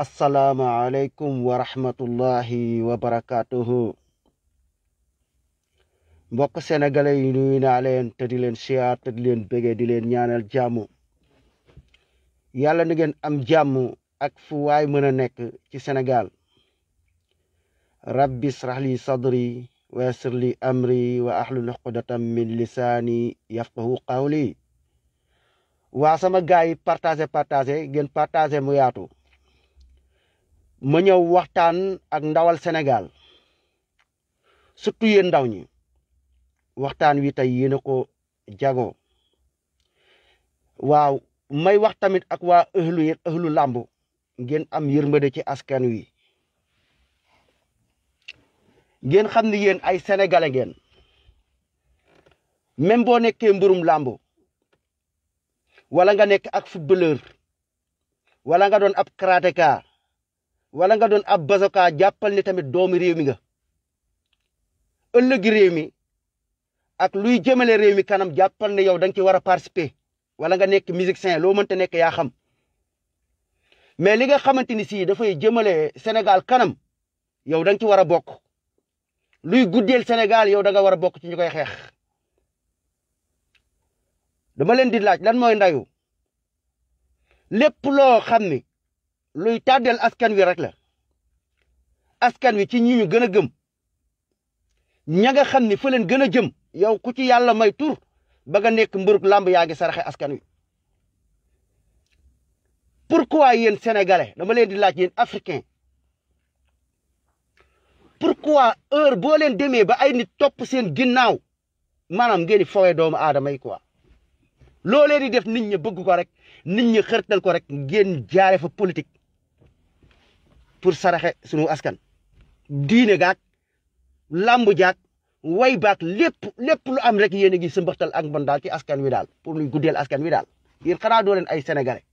asalaamaaleykum wa rahmatullahi wa barakaatuhu. mbokk sénégalais yi nuyu naa leen te di leen te di leen bëggee di leen ñaanal jàmm yàlla na am jàmm ak fu waay mën a nekk ci Sénégal rabbi israh li sadri wa yassir li amri wa ahlul uqdatam min lisaani yafqahu qawli waa sama gars yi partagé partagé ngeen partagé mu yaatu ma ñëw waxtaan ak ndawal Sénégal surtout yéen ndaw ñi waxtaan wi tey yéen a ko jagoo waaw may wax tamit ak waa ëhlu yeeg ëhlu ngeen am yërmande ci askan wi ngeen xam ni yéen ay sénégalais ngeen même boo nekkee mburum làmb wala nga nekk ak footballeur wala nga doon ab karatéka wala nga doon ab bazoka jàppal ni tamit doomu réew mi nga ëllëgi réew mi ak luy jëmale réew mi kanam jàppal ne yow da ci war a participer wala nga nekk musicien loo mënta nekk yaa xam mais li nga xamante ni sii dafay jëmale senegal kanam yow da nga ci war a bokk luy guddeel senegal yow da nga war a bokk ci ñu koy xeex dama leen di laaj lan mooy ndayu lépp loo xam ni luy tàddeel askan wi rek la askan wi ci ñi ñu gën a gëm ña nga xam ni fa leen gën a jëm yow ku ci yàlla may tur ba nga nekk mbërug làmb yaa ngi saraxe askan wi pourquoi yéen sénégalais dama leen di laaj yéen africain pourquoi heure boo leen demee ba ay nit topp seen ginnaaw maanaam ngeen di fowee doomu aadama yi quoi loo leen di def nit ñi bëgg ko rek nit ñi xërtal ko rek ngeen jaare fa politique pour saraxe sunu askan diine gaag làmb jaag way baag lépp lépp lu am rek yéen a ngi sëmbaxtal ak mbon ci askan wi daal pour luy guddel askan wi daal yéen xanaa doo leen ay sénégalais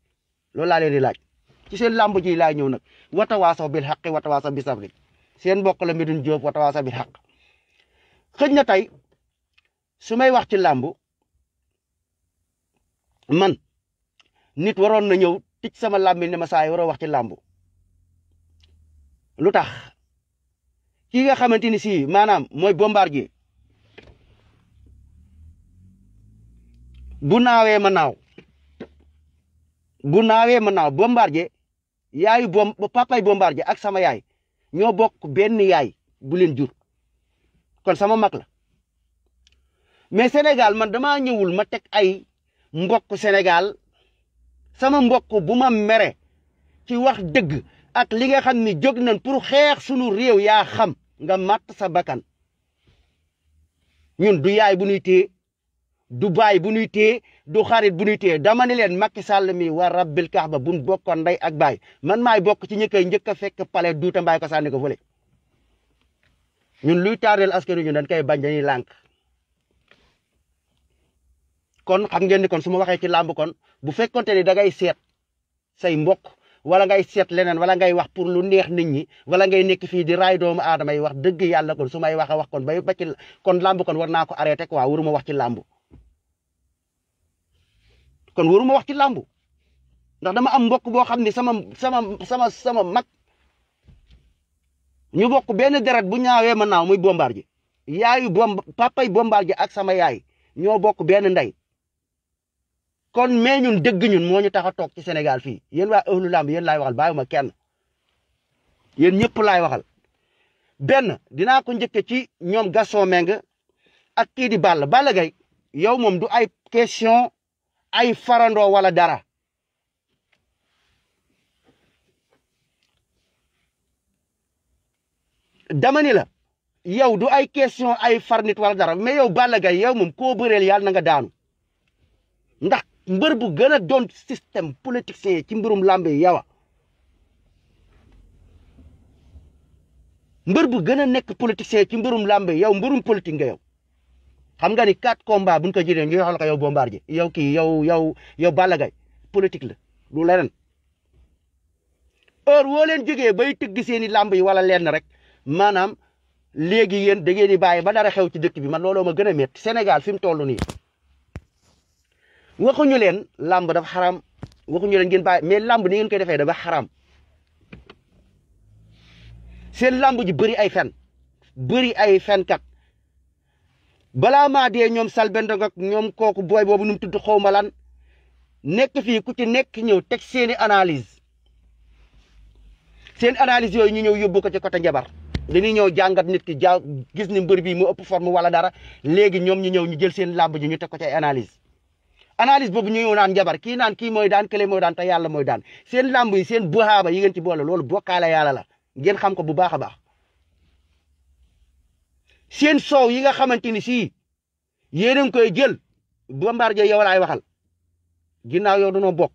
loolu laa leen laaj ci seen ji laa ñëw nag watawaasaw bil xaqi watawaasaw bi sabri seen mbokk la Medoune Diop watawaasaw bil xaq xëj na tey su may wax ci làmb man nit waroon na ñëw tic sama làmb ne ma saa yi waroo wax ci làmb lu tax ki nga xamante ni si maanaam mooy bombardier bu naawee ma naaw bu naawee ma naaw bombardier yaayu bom papay bombardier ak sama yaay ñoo bokk benn yaay buleen jur kon sama mag la mais Sénégal man dama ñëwul ma teg ay mbokk Sénégal sama mbokk bu ma mere ci wax dëgg ak li nga xam ni jóg nañ pour xeex sunu réew yaa xam nga màtt sa bakkan ñun du yaay bu ñuy téye du baay bu ñuy téye du xarit bu ñuy téye dama ne leen Macky Sall mi wa rabbil kaaba buñ bokkoon ndey ak baay man maay bokk ci ñi koy njëkk a fekk pale duuta mbaay ko sànni ko fële ñun luy taareel askan wi ñu dañ koy bañ dañuy lànk kon xam ngeen ni kon su ma waxee ci làmb kon bu fekkonte ni da ngay seet say mbokk wala ngay seet leneen wala ngay wax pour lu neex nit ñi wala ngay nekk fii di raay doomu aadama yi wax dëgg yàlla kon su may wax a wax kon bay ba ci kon làmb kon war naa ko arrêté quoi waruma wax ci làmb kon waruma wax ci làmb ndax dama am mbokk boo xam ne sama sama sama sama mag ñu bokk benn deret bu ñaawee ma naaw muy bombaar ji yaayu bomb papay bombaar ji ak sama yaay ñoo bokk benn ndey kon mais ñun dëgg ñun moo ñu tax a toog ci senegal fii yéen waa ëhlu làmb yéen laay waxal bàyyiwuma kenn yéen ñëpp laay waxal benn dinaa ko njëkke ci ñoom Gaston Mbengue ak kii di Balla Balla Gaye yow moom du ay question ay farandoo wala dara dama la yow du ay question ay far nit wala dara mais yow Balla Gaye yow moom koo bëreel yàlla na nga daanu ndax mbër bu gën a doon système politicien ci mbirum làmb yi yawa mbër bu gën a nekk politicien ci mbirum làmb yi yow mbirum politique nga yow xam nga ni quatre combats buñ ko jëlee ñu waxal ko yow Bombardier yow kii yow yow yow Balla Gaye politique la lu leneen heure woo leen jógee bay tëgg seeni làmb yi wala lenn rek maanaam léegi yéen da ngeen di bàyyi ba dara xew ci dëkk bi man looloo ma gën a métti Sénégal fi mu toll nii. waxuñu leen làmb dafa xaram waxuñu leen ngeen bàyyi mais làmb ni ngeen koy defee dafa xaram seen làmb ji bëri ay fen bëri ay fenkat balaa maa dee ñoom salbendog ak ñoom kooku booy boobu nu tudd xaw ma lan nekk fii ku ci nekk ñëw teg seeni analyse seen analyse yooyu ñu ñëw yóbbu ko ci côté njabar dañuy ñëw jàngat nit ki jaa gis ni mbër bii mu ëpp forme wala dara léegi ñoom ñu ñëw ñu jël seen làmb ji ñu teg ko ci ay analyse boobu ñu ñëw naan njabar kii naan kii mooy daan kële mooy daan te yàlla mooy daan seen làmb yi seen buhaaba yi ngeen ci boole loolu bokkaale yàlla la ngeen xam ko bu baax a baax seen soow yi nga xamante ni sii yéen a ngi koy jël Bombardier yow laay waxal ginnaaw yow dañoo bokk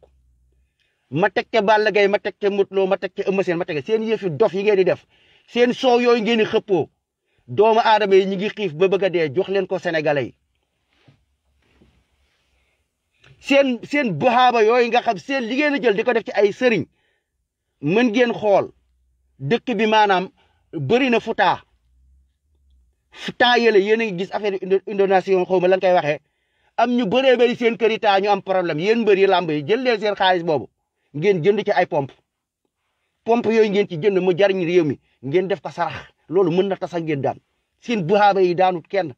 ma teg ca Balla Gaye ma teg ca Modou Lo ma teg ca Eumeu Sène ma teg seen yëfi dof yi ngeen di def seen soow yooyu ngeen di xëppoo doomu aadama yi ñu ngi xiif ba bëgg a dee jox leen ko sénégalais yi seen seen buxaaba yooyu nga xam seen li ngeen a jël di ko def ci ay sëriñ mën ngeen xool dëkk bi maanaam bëri na futaa futaa yële yéen a ngi gis affaire inondation xaw ma la nga koy waxee am ñu bëree bëri seen kër yi taa am problème yéen mbër yi làmb yi jël seen xaalis boobu ngeen jënd ci ay pompe pompe yooyu ngeen ci jënd mu jariñ réew mi ngeen def ko sarax loolu mën na tasa ngeen daan seen buxaaba yi daanut kenn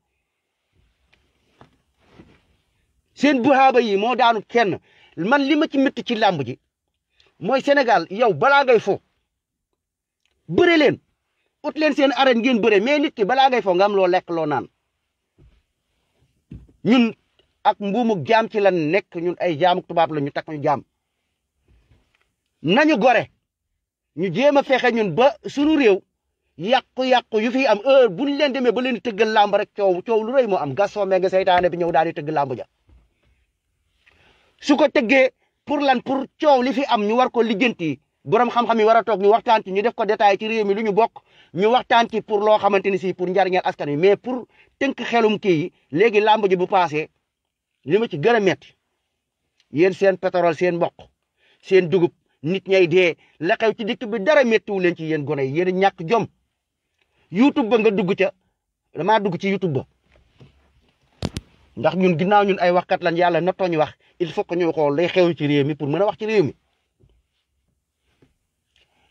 seen bu buhaaba yi moo daanu kenn man li ma ci metti ci làmb ji mooy Sénégal yow balaa ngay fo bëre leen ut leen seen arène ngeen bëre mais nit ki balaa ngay fo nga am loo lekk loo naan ñun ak mbuumu jaam ci la nekk ñun ay jaamu tubaab la ñu takk ñu jaam nañu gore ñu jéem a fexe ñun ba sunu réew yàqu-yàqu yu fi am heure bu ñu leen demee ba leen tëggal làmb rek coow coow lu rëy moo am gasoo mee nga seytaane bi ñëw daal di tëgg làmb ja su ko tëggee pour lan pour coow li fi am ñu war ko lijjanti borom xam-xam yi war a toog ñu waxtaan ci ñu def ko détaillé ci réew mi lu ñu bokk ñu waxtaan ci pour loo xamante ni si pour njariñal askan wi mais pour tënk xelum kii léegi làmb ji bu paasee li ma ci gën a métti yéen seen pétrole seen mboq seen dugub nit ñay dee la ci dëkk bi dara méttiwu leen ci yéen gone yi yéen ñàkk jom youtube ba nga dugg ca damaa dugg ci youtube ba ndax ñun ginnaaw ñun ay waxkat lan yàlla nattoo ñu wax il faut que ñuy xool lay xew ci réew mi pour mën a wax ci réew mi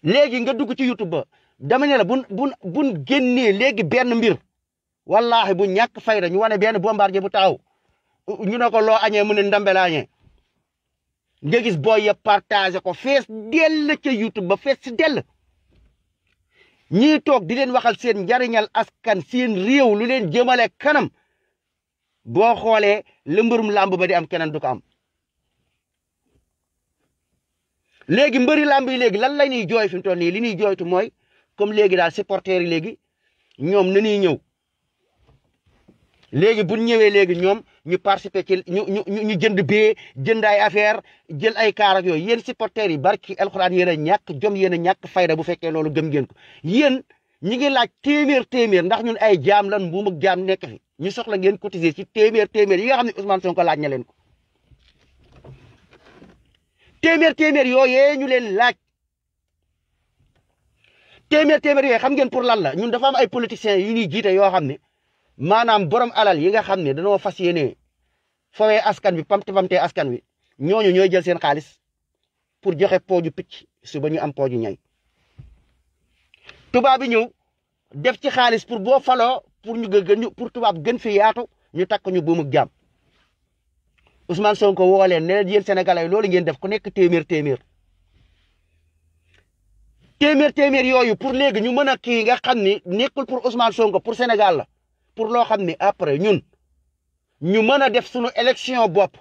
léegi nga dugg ci YouTube ba dama ne la bun bun bun génnee léegi benn mbir wallahi bu ñàkk fayda ñu wane benn bombardier bu taxaw ñu ne ko loo añee mu ne ndambe laa añee nga gis booy ya partagé ko fees dell ca YouTube ba fees si dell ñii toog di leen waxal seen njariñal askan seen réew lu leen jëmale kanam boo xoolee lëmbërum làmb ba di am keneen du ko am léegi mbëri làmb yi léegi lan la ñuy jooy fi mu toll nii li ñuy jooytu mooy comme léegi daal supporters yi léegi ñoom na ñuy ñëw léegi bu ñëwee léegi ñoom ñu participer ci ñu ñu ñu jënd bee jënd ay affaire jël ay kaar ak yooyu yéen supporters yi barki alxuraan yéen a ñàkk jom yéen a ñàkk fayda bu fekkee loolu gëm ngeen ko yéen ñi ngi laaj téeméer téeméer ndax ñun ay jaam lan mbuum ak jaam nekk fi ñu soxla ngeen cotiser ci téeméer téeméer yi nga xam ne Ousmane Sonko laaj na leen ko. téeméer téeméer yooyee ñu leen laaj téeméer téeméer yooyu xam ngeen pour lan la ñun dafa am ay politiciens yu ñuy jiite yoo xam ne maanaam borom alal yi nga xam ne dañoo fas yéene fawee askan wi pamté pamte askan wi ñooñu ñooy jël seen xaalis pour joxe pooju picc suba ñu am pooju ñay tubaab bi ñëw def ci xaalis pour boo faloo pour ñu gën pour tubaab gën fi yaatu ñu takk ñu buum ak jàmm Ousmane Sonko woo leen ne leen yéen sénégalais loolu ngeen def ku nekk téeméer téeméer téeméer yooyu pour léegi ñu mën a kii nga xam ni nekkul pour Ousmane Sonko pour Sénégal la pour loo xam ni après ñun ñu mën a def sunu élection bopp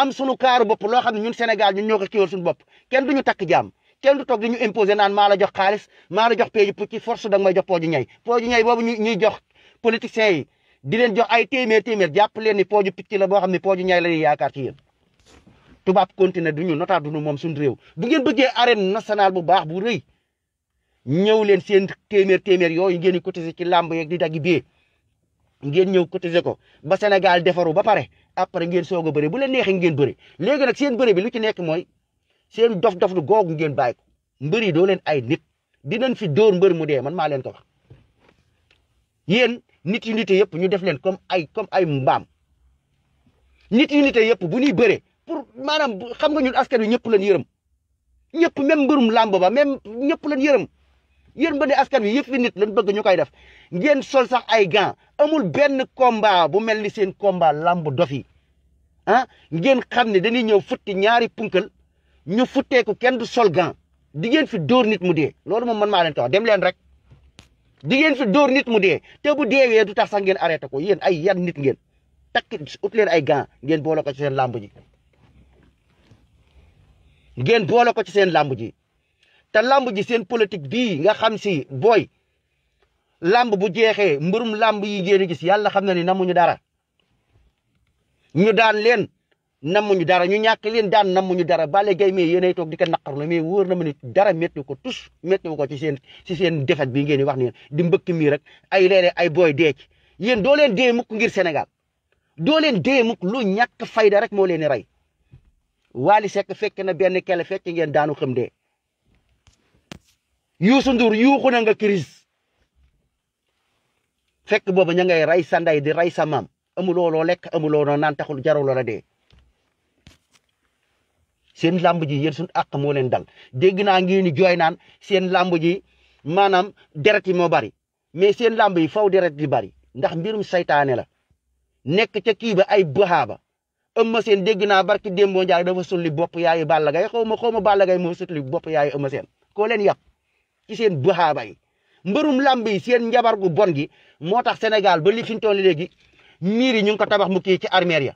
am sunu kaaru bop loo xam ne ñun Sénégal ñun ñoo ko kiiwal suñu bopp ken du ñu takk jaam kenn du toog di ñu imposer naan maa la jox xaalis maa la jox peeji pour ci force danga may jox pooju ñay pooju ñay boobu ñuy jox politiciens yi. di leen jox ay téeméer téeméer jàpp leen ni pooju picc la boo xam ne pooju ñaay la ñuy yaakaar ci yéen tubaab continué du ñu notaat du ñu moom suñu réew bu ngeen bëggee arène nationale bu baax bu rëy ñëw leen seen téeméer téeméer yooyu ngeen di cotiser ci làmb ye di dagg bee ngeen ñëw cotiser ko ba Sénégal defaru ba pare après ngeen soog a bëri bu leen neexee ngeen bëri léegi nag seen bëri bi lu ci nekk mooy seen dof-dof lu googu ngeen bàyyi ko mbëri doo leen ay nit dinañ fi dóor mbër mu dee man maa leen ko wax nit yu nite yëpp ñu def leen comme ay comme ay mbaam nit yu nite yëpp bu ñuy bëree pour maanaam xam nga ñun askan wi ñëpp leen yërëm ñëpp même mbërum làmb ba même ñëpp leen yërëm yéen ba ne askan wi yëpp fi nit lañ bëgg ñu koy def ngeen sol sax ay gants amul benn combat bu mel ni seen combat làmb dof yi ah, ngeen xam ni dañuy ñëw futti ñaari punkal ñu ku kenn du sol gant di ngeen fi dóor nit mu dee loolu moom man maa leen tax dem leen rek di ngeen fi dóor nit mu dee te bu deewee du tax sax ngeen arrêté ko yéen ay yan nit ngeen takk ut leen ay gaa ngeen boole ko ci seen làmb ji ngeen boole ko ci seen làmb ji te làmb ji seen politique bii nga xam si booy làmb bu jeexe mbërum làmb yi ngeen gis yàlla xam na ni namuñu dara ñu daan leen nammuñu dara ñu ñàkk leen daan nammuñu dara Balla Gaye mais yéenay toog di ko naqarlu mais wóor na ma ni dara métti ko tus métti ko ci seen ci seen defet bi ngeen di wax ni di mbëkk mii rek ay léeg ay booy dee ci yéen doo leen dee mukk ngir senegal doo leen dee mukk lu ñàkk fayda rek moo leen di rey Wally Seck fekk na benn kele fekk ngeen daanu xam dee Youssou Ndour yuuxu na nga crise fekk boobu ña ngay rey sa ndey di rey sa maam amuloo loo lekk amuloo noo naan taxul jaruloo la seen làmb ji yéen suñu àq moo leen dal dégg naa ngeen ni jooy naan seen làmb ji maanaam deret yi moo bari mais seen làmb yi faw deret yi bari ndax mbirum saytaane la nekk ca kii ba ay baxaaba ëmma seen dégg naa barki demboo njaay dafa sulli bopp yaayu Balla gay xaw ma xaw ma Balla Gaye moo sulli bopp yaay ëmma seen koo leen yàpp ci seen baxaaba yi mbërum làmb yi seen njabar gu bon gi moo tax senegal ba li fi ñu toll léegi miir yi ñu ngi ko tabax mu kii ci armeer ya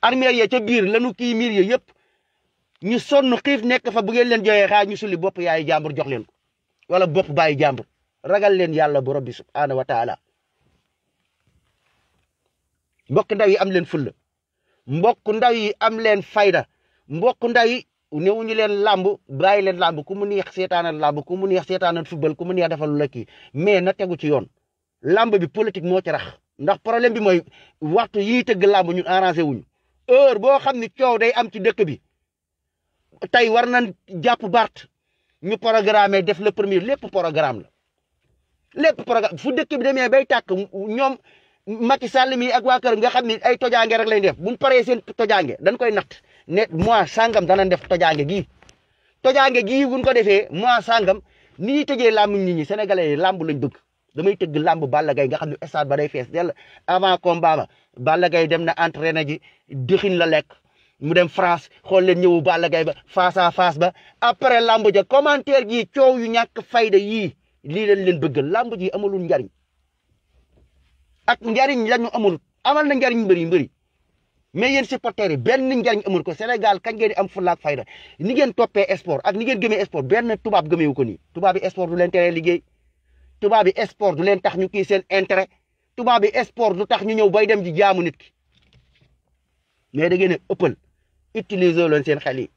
armeer ya ca biir lanu kii miir ya yëpp ñu sonn xiif nekk fa bu ngeen leen joxee xaa ñu suli bopp yaayu jàmbur jox leen ko wala bopp baayu jàmbur ragal leen yàlla bu rabbi subhaanahu wa taala mbokk yi am leen fulla mbokk ndaw yi am leen fayda mbokk ndaw yi newuñu leen làmb bàyyi leen làmb ku mu neex seetaanal làmb ku mu neex seetaanal football ku mu neex defal lu la kii mais na tegu ci yoon làmb bi politique moo ci rax ndax problème bi mooy waxtu yi tëgg làmb ñun arrangé wuñu heure boo xam ni coow day am ci dëkk bi tey war nañ jàpp Bart ñu programme def le premier lépp programme la lépp programme fu dëkk bi demee bay tàkk ñoom Macky Sall mi ak waa kër nga xam ni ay tojange rek lañ def buñ paree seen tojange dañ koy natt ne mois sangam danañ def tojange gi tojaange gi buñ ko defee mois sangam ni ñuy tëjee làmb nit ñi sénégalais làmb lañ bëgg damay tëgg làmb Balla gay nga xam ne stade ba day fees dell avant combat ba Balla Gaye dem na na ji dëxin la lekk mu dem France xool leen ñëwu Balla Gaye ba face à face ba après lamb ja commentaire ji coow yu ñàkk fayda yi lii leen leen bëgg lamb ji amalul njariñ ak njariñ lañu amul amal na njariñ mbëri mbëri mais yéen supporters yi benn njariñ amul ko Sénégal kañ ngeen di am fulla ak fayda ni ngeen toppee sport ak ni ngeen gëmee sport benn tubaab gëmeewu ko ni tubaab bi sport du leen teree liggéey tubaab bi sport du leen tax ñu kii seen intérêt tubaab bi sport du tax ñu ñëw bay dem ji jaamu nit mais da ngeen a utiliser loon seen xel yi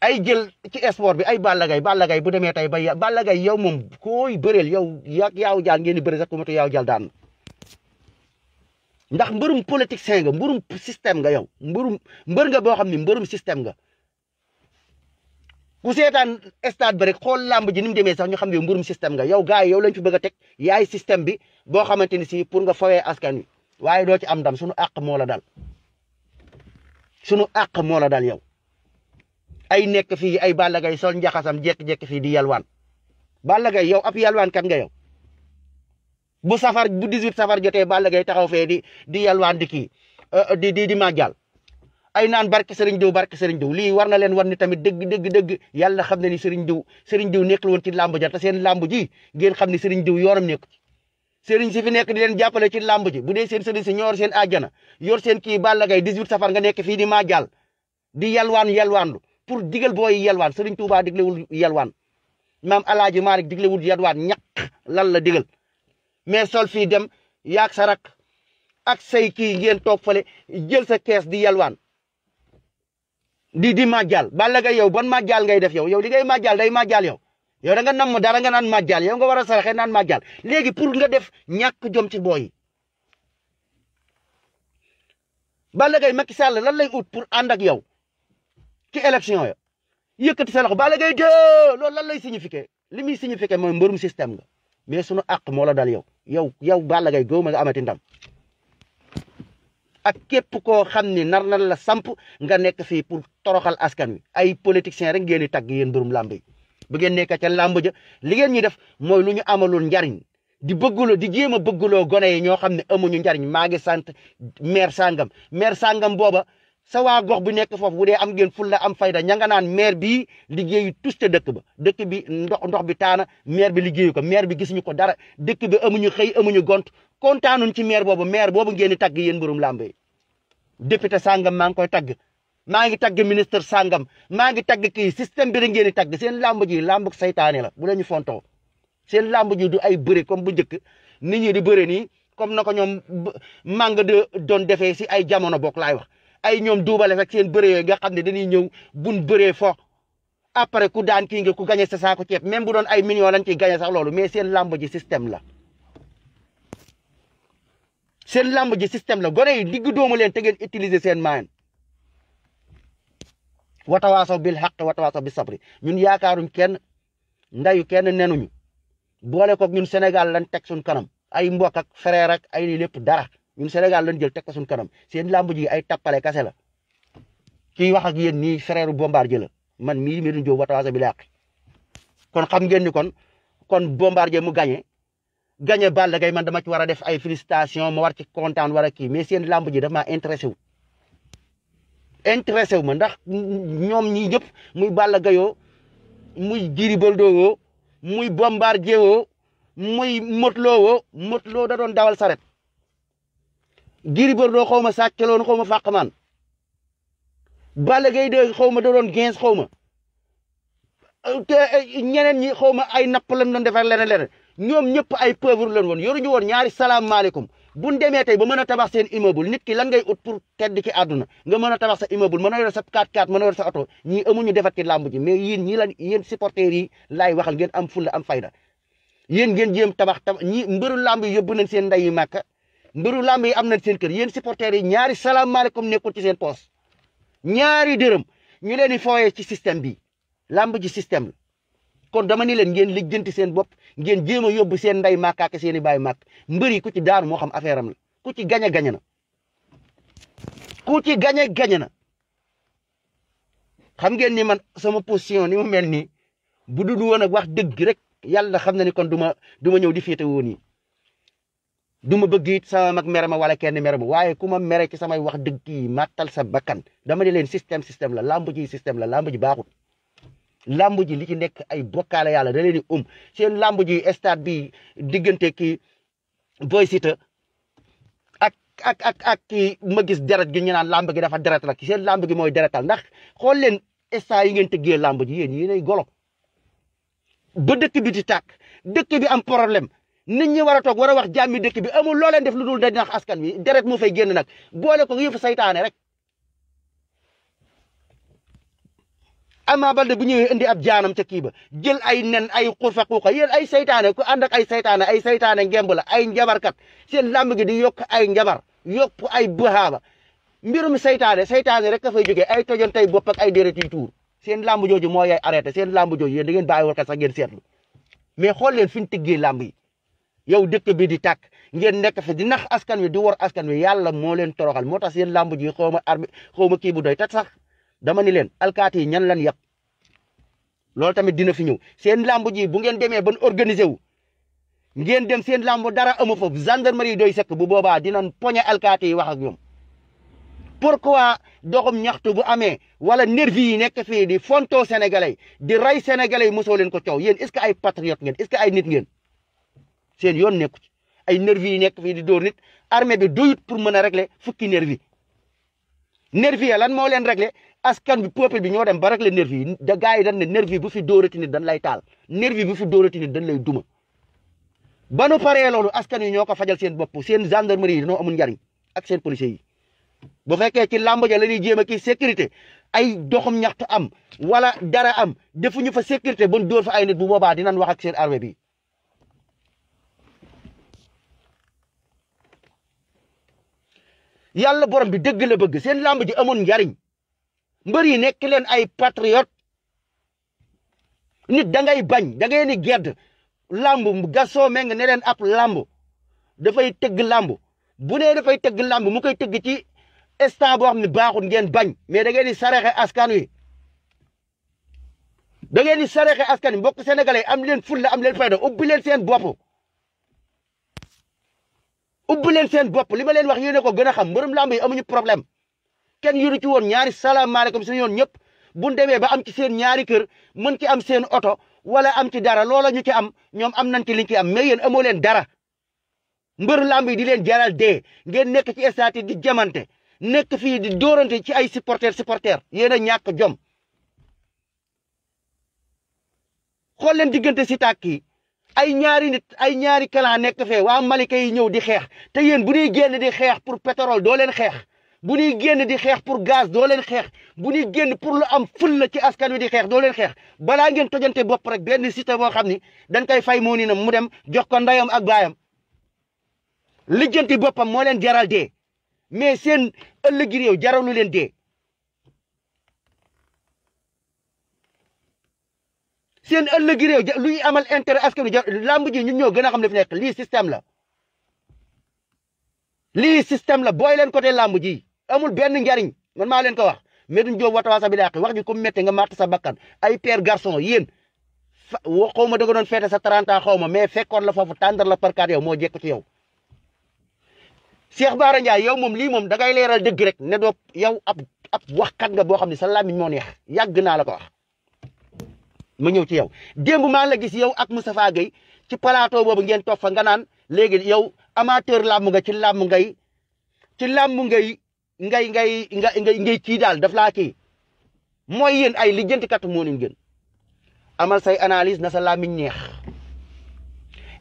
ay jël ci sport bi ay ballagay ballagay bu demee tey ba ballagay yow moom kooy bëreel yow yak yaaw jaal ngeen di bëri sax ku matu yaaw jaal daan ndax mbërum politicien nga mbërum système nga yow mbërum mbër nga boo xam ne mbërum système nga ku seetaan stade ba rek xool làmb ji ni mu demee sax ñu xam ne mbërum système nga yow gars yi yow lañ fi bëgg a teg yaay système bi boo xamante ni si pour nga fawee askan wi waaye doo ci am dam suñu àq moo la dal sunu àq moola la dal yow ay nekk fii ay Balla gay sol njaxasam jékki-jékki fii di yalwaan Balla Gaye yow ab yalwaan kat nga yow bu safar bu 18 safar jotee Balla gay taxaw fee di di yalwaan di ki euh, di di di jaal ay naan barke Serigne Diou barke Serigne Diou lii war na leen war ni tamit dëgg dëgg dëgg yàlla xam na ni Serigne Diou Serigne Diou nekkul woon ci làmb ja te seen làmb ji ngeen xam ni Serigne Diou yoonam nekk ci sëriñ si fi nekk di leen jàppale ci làmb ji bu dee seen sëriñ si ñor seen àjjana yor seen kii Balla Gaye 18 safar nga nekk fii di maa jàll di yalwaan yalwaanlu pour digal booy yalwaan sëriñ Touba diglewul yalwaan maam Alaaji Maalik diglewul yalwaan ñaq lan la digal mais sol fii dem yaag sa rak ak sey kii ngeen toog fale jël sa kees di yalwaan di di maa jàll Balla Gaye yow ban maa jàll ngay def yow yow di ngay maa day maa jàll yow yow nga nam dara nga naan màjjal yow nga war a saraxee naan màjjal léegi pour nga def ñàkk jom ci booy yi Balla Gaye Macky Sall lan lay ut pour ànd ak yow ci élection ya yëkkati sa loxo Balla gay dee loolu lan lay signifié li muy signifié mooy mbërum système nga mais sunu àq moo la dal yow yow yow Balla gay góob nga amati ndam ak képp koo xam ni nar na la samp nga nekk fii pour toroxal askan wi ay politiciens rek ngeen di tagg yéen mbërum làmb bu ngeen nekk ca làmb ja li ñuy def mooy lu ñu amalul njariñ di bëgguloo di jéem a bëgguloo gone yi ñoo xam ne amuñu njariñ maa ngi sant maire sangam maire sangam booba sa waa gox bu nekk foofu bu dee am ngeen fulla am fayda ña nga naan maire bii liggéeyu tuste dëkk ba dëkk bi ndox ndox bi taana maire bi liggéeyu ko maire bi gisuñu ko dara dëkk bi amuñu xëy amuñu gont kontaanuñ ci maire boobu maire boobu ngeen di tagg yéen mbërum làmb yi député sangam maa ngi koy tagg maa ngi tagg ministre sangam maa ngi tagg kii système bi rek ngeen di tagg seen làmb ji làmb saytaane la bu la ñu fonto seen làmb ji du ay bëre comme bu njëkk ni ñi di bëre nii comme na ko ñoom màng de doon defee si ay jamono bokk laay wax ay ñoom duubale rek seen bëre yooyu nga xam ne dañuy ñëw bun bëree fo après ku daan ki nga ku gañe sa saako ceeb même bu doon ay millions lañ ciy gañe sax loolu mais seen làmb ji système la. seen làmb ji système la gone yi digg doomu leen te ngeen utiliser seen maan watawaasaw bil xaq watawaasaw bis sabri ñun yaakaaruñ kenn ndayu kenn nenuñu boole koog ñun senegal lañ teg suñ kanam ay mbokk ak frère ak ay lepp dara ñun senegal lañ jël teg ko kanam seen làmb ji ay tappale kase la kiy wax ak yéen nii frère Bombardier la man mii mii duñ jóg watawaasaw bil xaq kon xam ngeen ni kon kon Bombardier mu gagné. gañe Balla Gaye man dama ci war a def ay félicitation ma war ci kontaan war a kii mais seen lamb ji dafa maa intéressé wu intéressé wu ma ndax ñoom ñii ñëpp muy Balla Gaye muy Gris Bordeaux muy Bombardier woo muy Modou Lo woo da doon dawal saret Gris Bordeaux xaw ma sàccaloon xaw ma fàqmaan Balla Gaye de xaw ma da doon gens xaw ma te ñeneen ñi xaw ma ay napp lañ doon defar leneen lene ñoom ñëpp ay pauvre lañ woon yoruñu woon ñaari salaamaaleykum bu ñu demee tey ba mën a tabax seen immeuble nit ki lan ngay ut pour tedd ci àdduna nga mën a tabax sa immeuble mën a yor sa 4x4 mën a yor sa oto ñii amuñu defat ci làmb ji mais yéen ñii lan yéen supporters yi laay waxal ngeen am fulla am fayda yéen ngeen jéem tabax tabax ñi mbëru làmb yi yóbbu nañ seen nday yi màkk mbëru làmb yi am nañ seen kër yéen supporters yi ñaari salaamaaleykum nekkul ci seen poos ñaari dërëm ñu leen di fooyee ci système bi làmb ji système la kon dama ni leen ngeen lijjanti seen bopp ngeen jéem a yóbbu seen nday màkk ak seen i baay màkk mbër yi ku ci daanu moo xam affaire la ku ci gañe gañe na ku ci gañe gañe na xam ngeen ni man sama position ni mu mel nii bu dul woon ak wax dëgg rek yàlla xam na ni kon duma duma du ñëw di féete woon yi du ma bëgg it sama mag mere ma wala kenn mere ma waaye ku ma mere ci samay wax dëgg yi màttal sa bakkan dama di leen système système la làmb ji système la làmb ji baaxut làmb ji li ci nekk ay bokkaale yàlla da leen di um seen làmb ji stade bi diggante kii Boy Sita ak ak ak ak kii ma gis deret gi ñu naan làmb gi dafa deret la seen làmb gi mooy deretal ndax xool leen stade yi ngeen tëggee làmb ji yéen yéenay golo ba dëkk bi di tàkk dëkk bi am problème nit ñi war a toog war a wax jàmmi dëkk bi amul loo leen def lu dul da nax askan wi deret moo fay génn nag boole ko yëfu saytaane rek Ama Baldé bu ñëwee indi a jaanam ca kii ba jël ay nen ay xurfa xuuxa yéen ay saytaane ku ànd ak ay saytaane ay saytaane ngemb la ay njabarkat seen làmb gi di yokk ay njabar yokk ay bëhaaba mbirum saytaane saytaane rek ka fay jógee ay tojon tey bopp ay déret yu tuur seen làmb jooju moo yay arrêté seen làmb jooju yéen da ngeen bàyyi war ka sax ngeen seetlu mais xool leen fi ñu tiggee làmb yi yow dëkk bi di tàkk ngeen nekk di nax askan wi di wor askan wi yàlla moo leen toroxal moo tax seen làmb ji xaw ma armé xaw ma kii bu doy te sax dama ni leen alkaati yi ñan lan yàpp loolu tamit dina fi ñëw seen lamb ji bu ngeen demee ban organiser wu ngeen dem seen lamb dara amu fa gendarmerie doy sekk bu boobaa dinan poñe alkaati yi wax ak ñoom pourquoi doxum ñaxtu bu amee wala nervi yi nekk fii di fonto sénégalais di rey sénégalais yi mosoo leen ko coow yéen est ce que ay patriote ngeen est ce que ay nit ngeen seen yoon nekku ci ay nervi yi nekk fii di dóor nit armée bi doyut pour mën a régler fukki nervi nervi lan moo leen réglé askan bi popel bi ñoo dem ba réglé nervi yi da gars yi dañ ne nervi bu fi dóorati nit dañ lay taal nervi bu fi dóorati nit dañ lay duma. ba nu paree loolu askan yi ñoo ko fajal seen bopp seen gendarmerie yi dañoo amul njariñ ak seen policiers yi bu fekkee ci làmb ja la ñuy jéem a kii sécurité ay doxum ñaxtu am wala dara am defuñu fa sécurité ba door fa ay nit bu boobaa dinañ wax ak seen armée bi. yàlla borom bi dëgg la bëgg seen làmb ji amoon njariñ mbër yi nekk leen ay patriote nit dangay bañ da ngay ni gedd làmb gasoo meng ne leen ab làmb dafay tëgg làmb bu nee dafay tëgg làmb mu koy tëgg ci instant boo xam ne baaxul ngeen bañ mais da ngeen di saraxe askan wi da ngeen di saraxe askan wi mbokk sénégalais am leen fulla am leen fayda ubbi leen seen bopp ubbi leen seen bopp li ma leen wax yéen ko gën a xam mbërëm lamb yi amuñu problème kenn yuru ci woon ñaari salaamaaleykum seen yoon ñëpp buñ demee ba am ci seen ñaari kër mën ci am seen oto wala am ci dara loola ñu ci am ñoom am nañ ci liñ ci am mais yéen amoo leen dara mbër lamb yi di leen jaral dee ngeen nekk ci stade di jamante nekk fii di dóorante ci ay supporter supporter yéen a ñàkk jom xool leen diggante si tàkk yi ay ñaari nit ay ñaari clan nekk fee waa Malika yi ñëw di xeex te yéen bu ñuy génn di xeex pour pétrole doo leen xeex bu ñuy génn di xeex pour gaz doo leen xeex bu ñuy génn pour lu am ful la ci askan wi di xeex doo leen xeex balaa ngeen tojante bopp rek benn cité boo xam ni dañ koy fay moo ni na mu dem jox ko ndayam ak baayam lijjanti boppam moo leen jaral dee mais seen ëllëgi réew jaralu leen dee seen ëllëgi réew luy amal intérêt askan wi làmb ji ñun ñoo gën a xam ne fi nekk lii système la lii système la booy leen côté làmb ji amul benn njariñ man maa leen ko wax Medoune Diop Watawasaw bi Haq wax ji ku métte nga màtt sa bakkan ay père garçon yéen fa xaw ma da nga doon feete sa 30 ans xaw ma mais fekkoon la foofu tàndar la parkaat yow moo jekk ci yow Cheikh Bara Ndiaye yow moom lii moom da ngay leeral dëgg rek ne doo yow ab wax waxkat nga boo xam ne sa làmmiñ moo neex yàgg naa la ko wax ma ñëw ci yow démb maa la gis yow ak Moustapha Gueye ci palaato boobu ngeen toog fa nga naan léegi yow amateur làmb nga ci làmb ngay ci làmb ngay ngay ngay ngay ngay kii daal daf laa ki mooy yéen ay lijjantikat moo leen gën amal say analyse na sa làmmiñ neex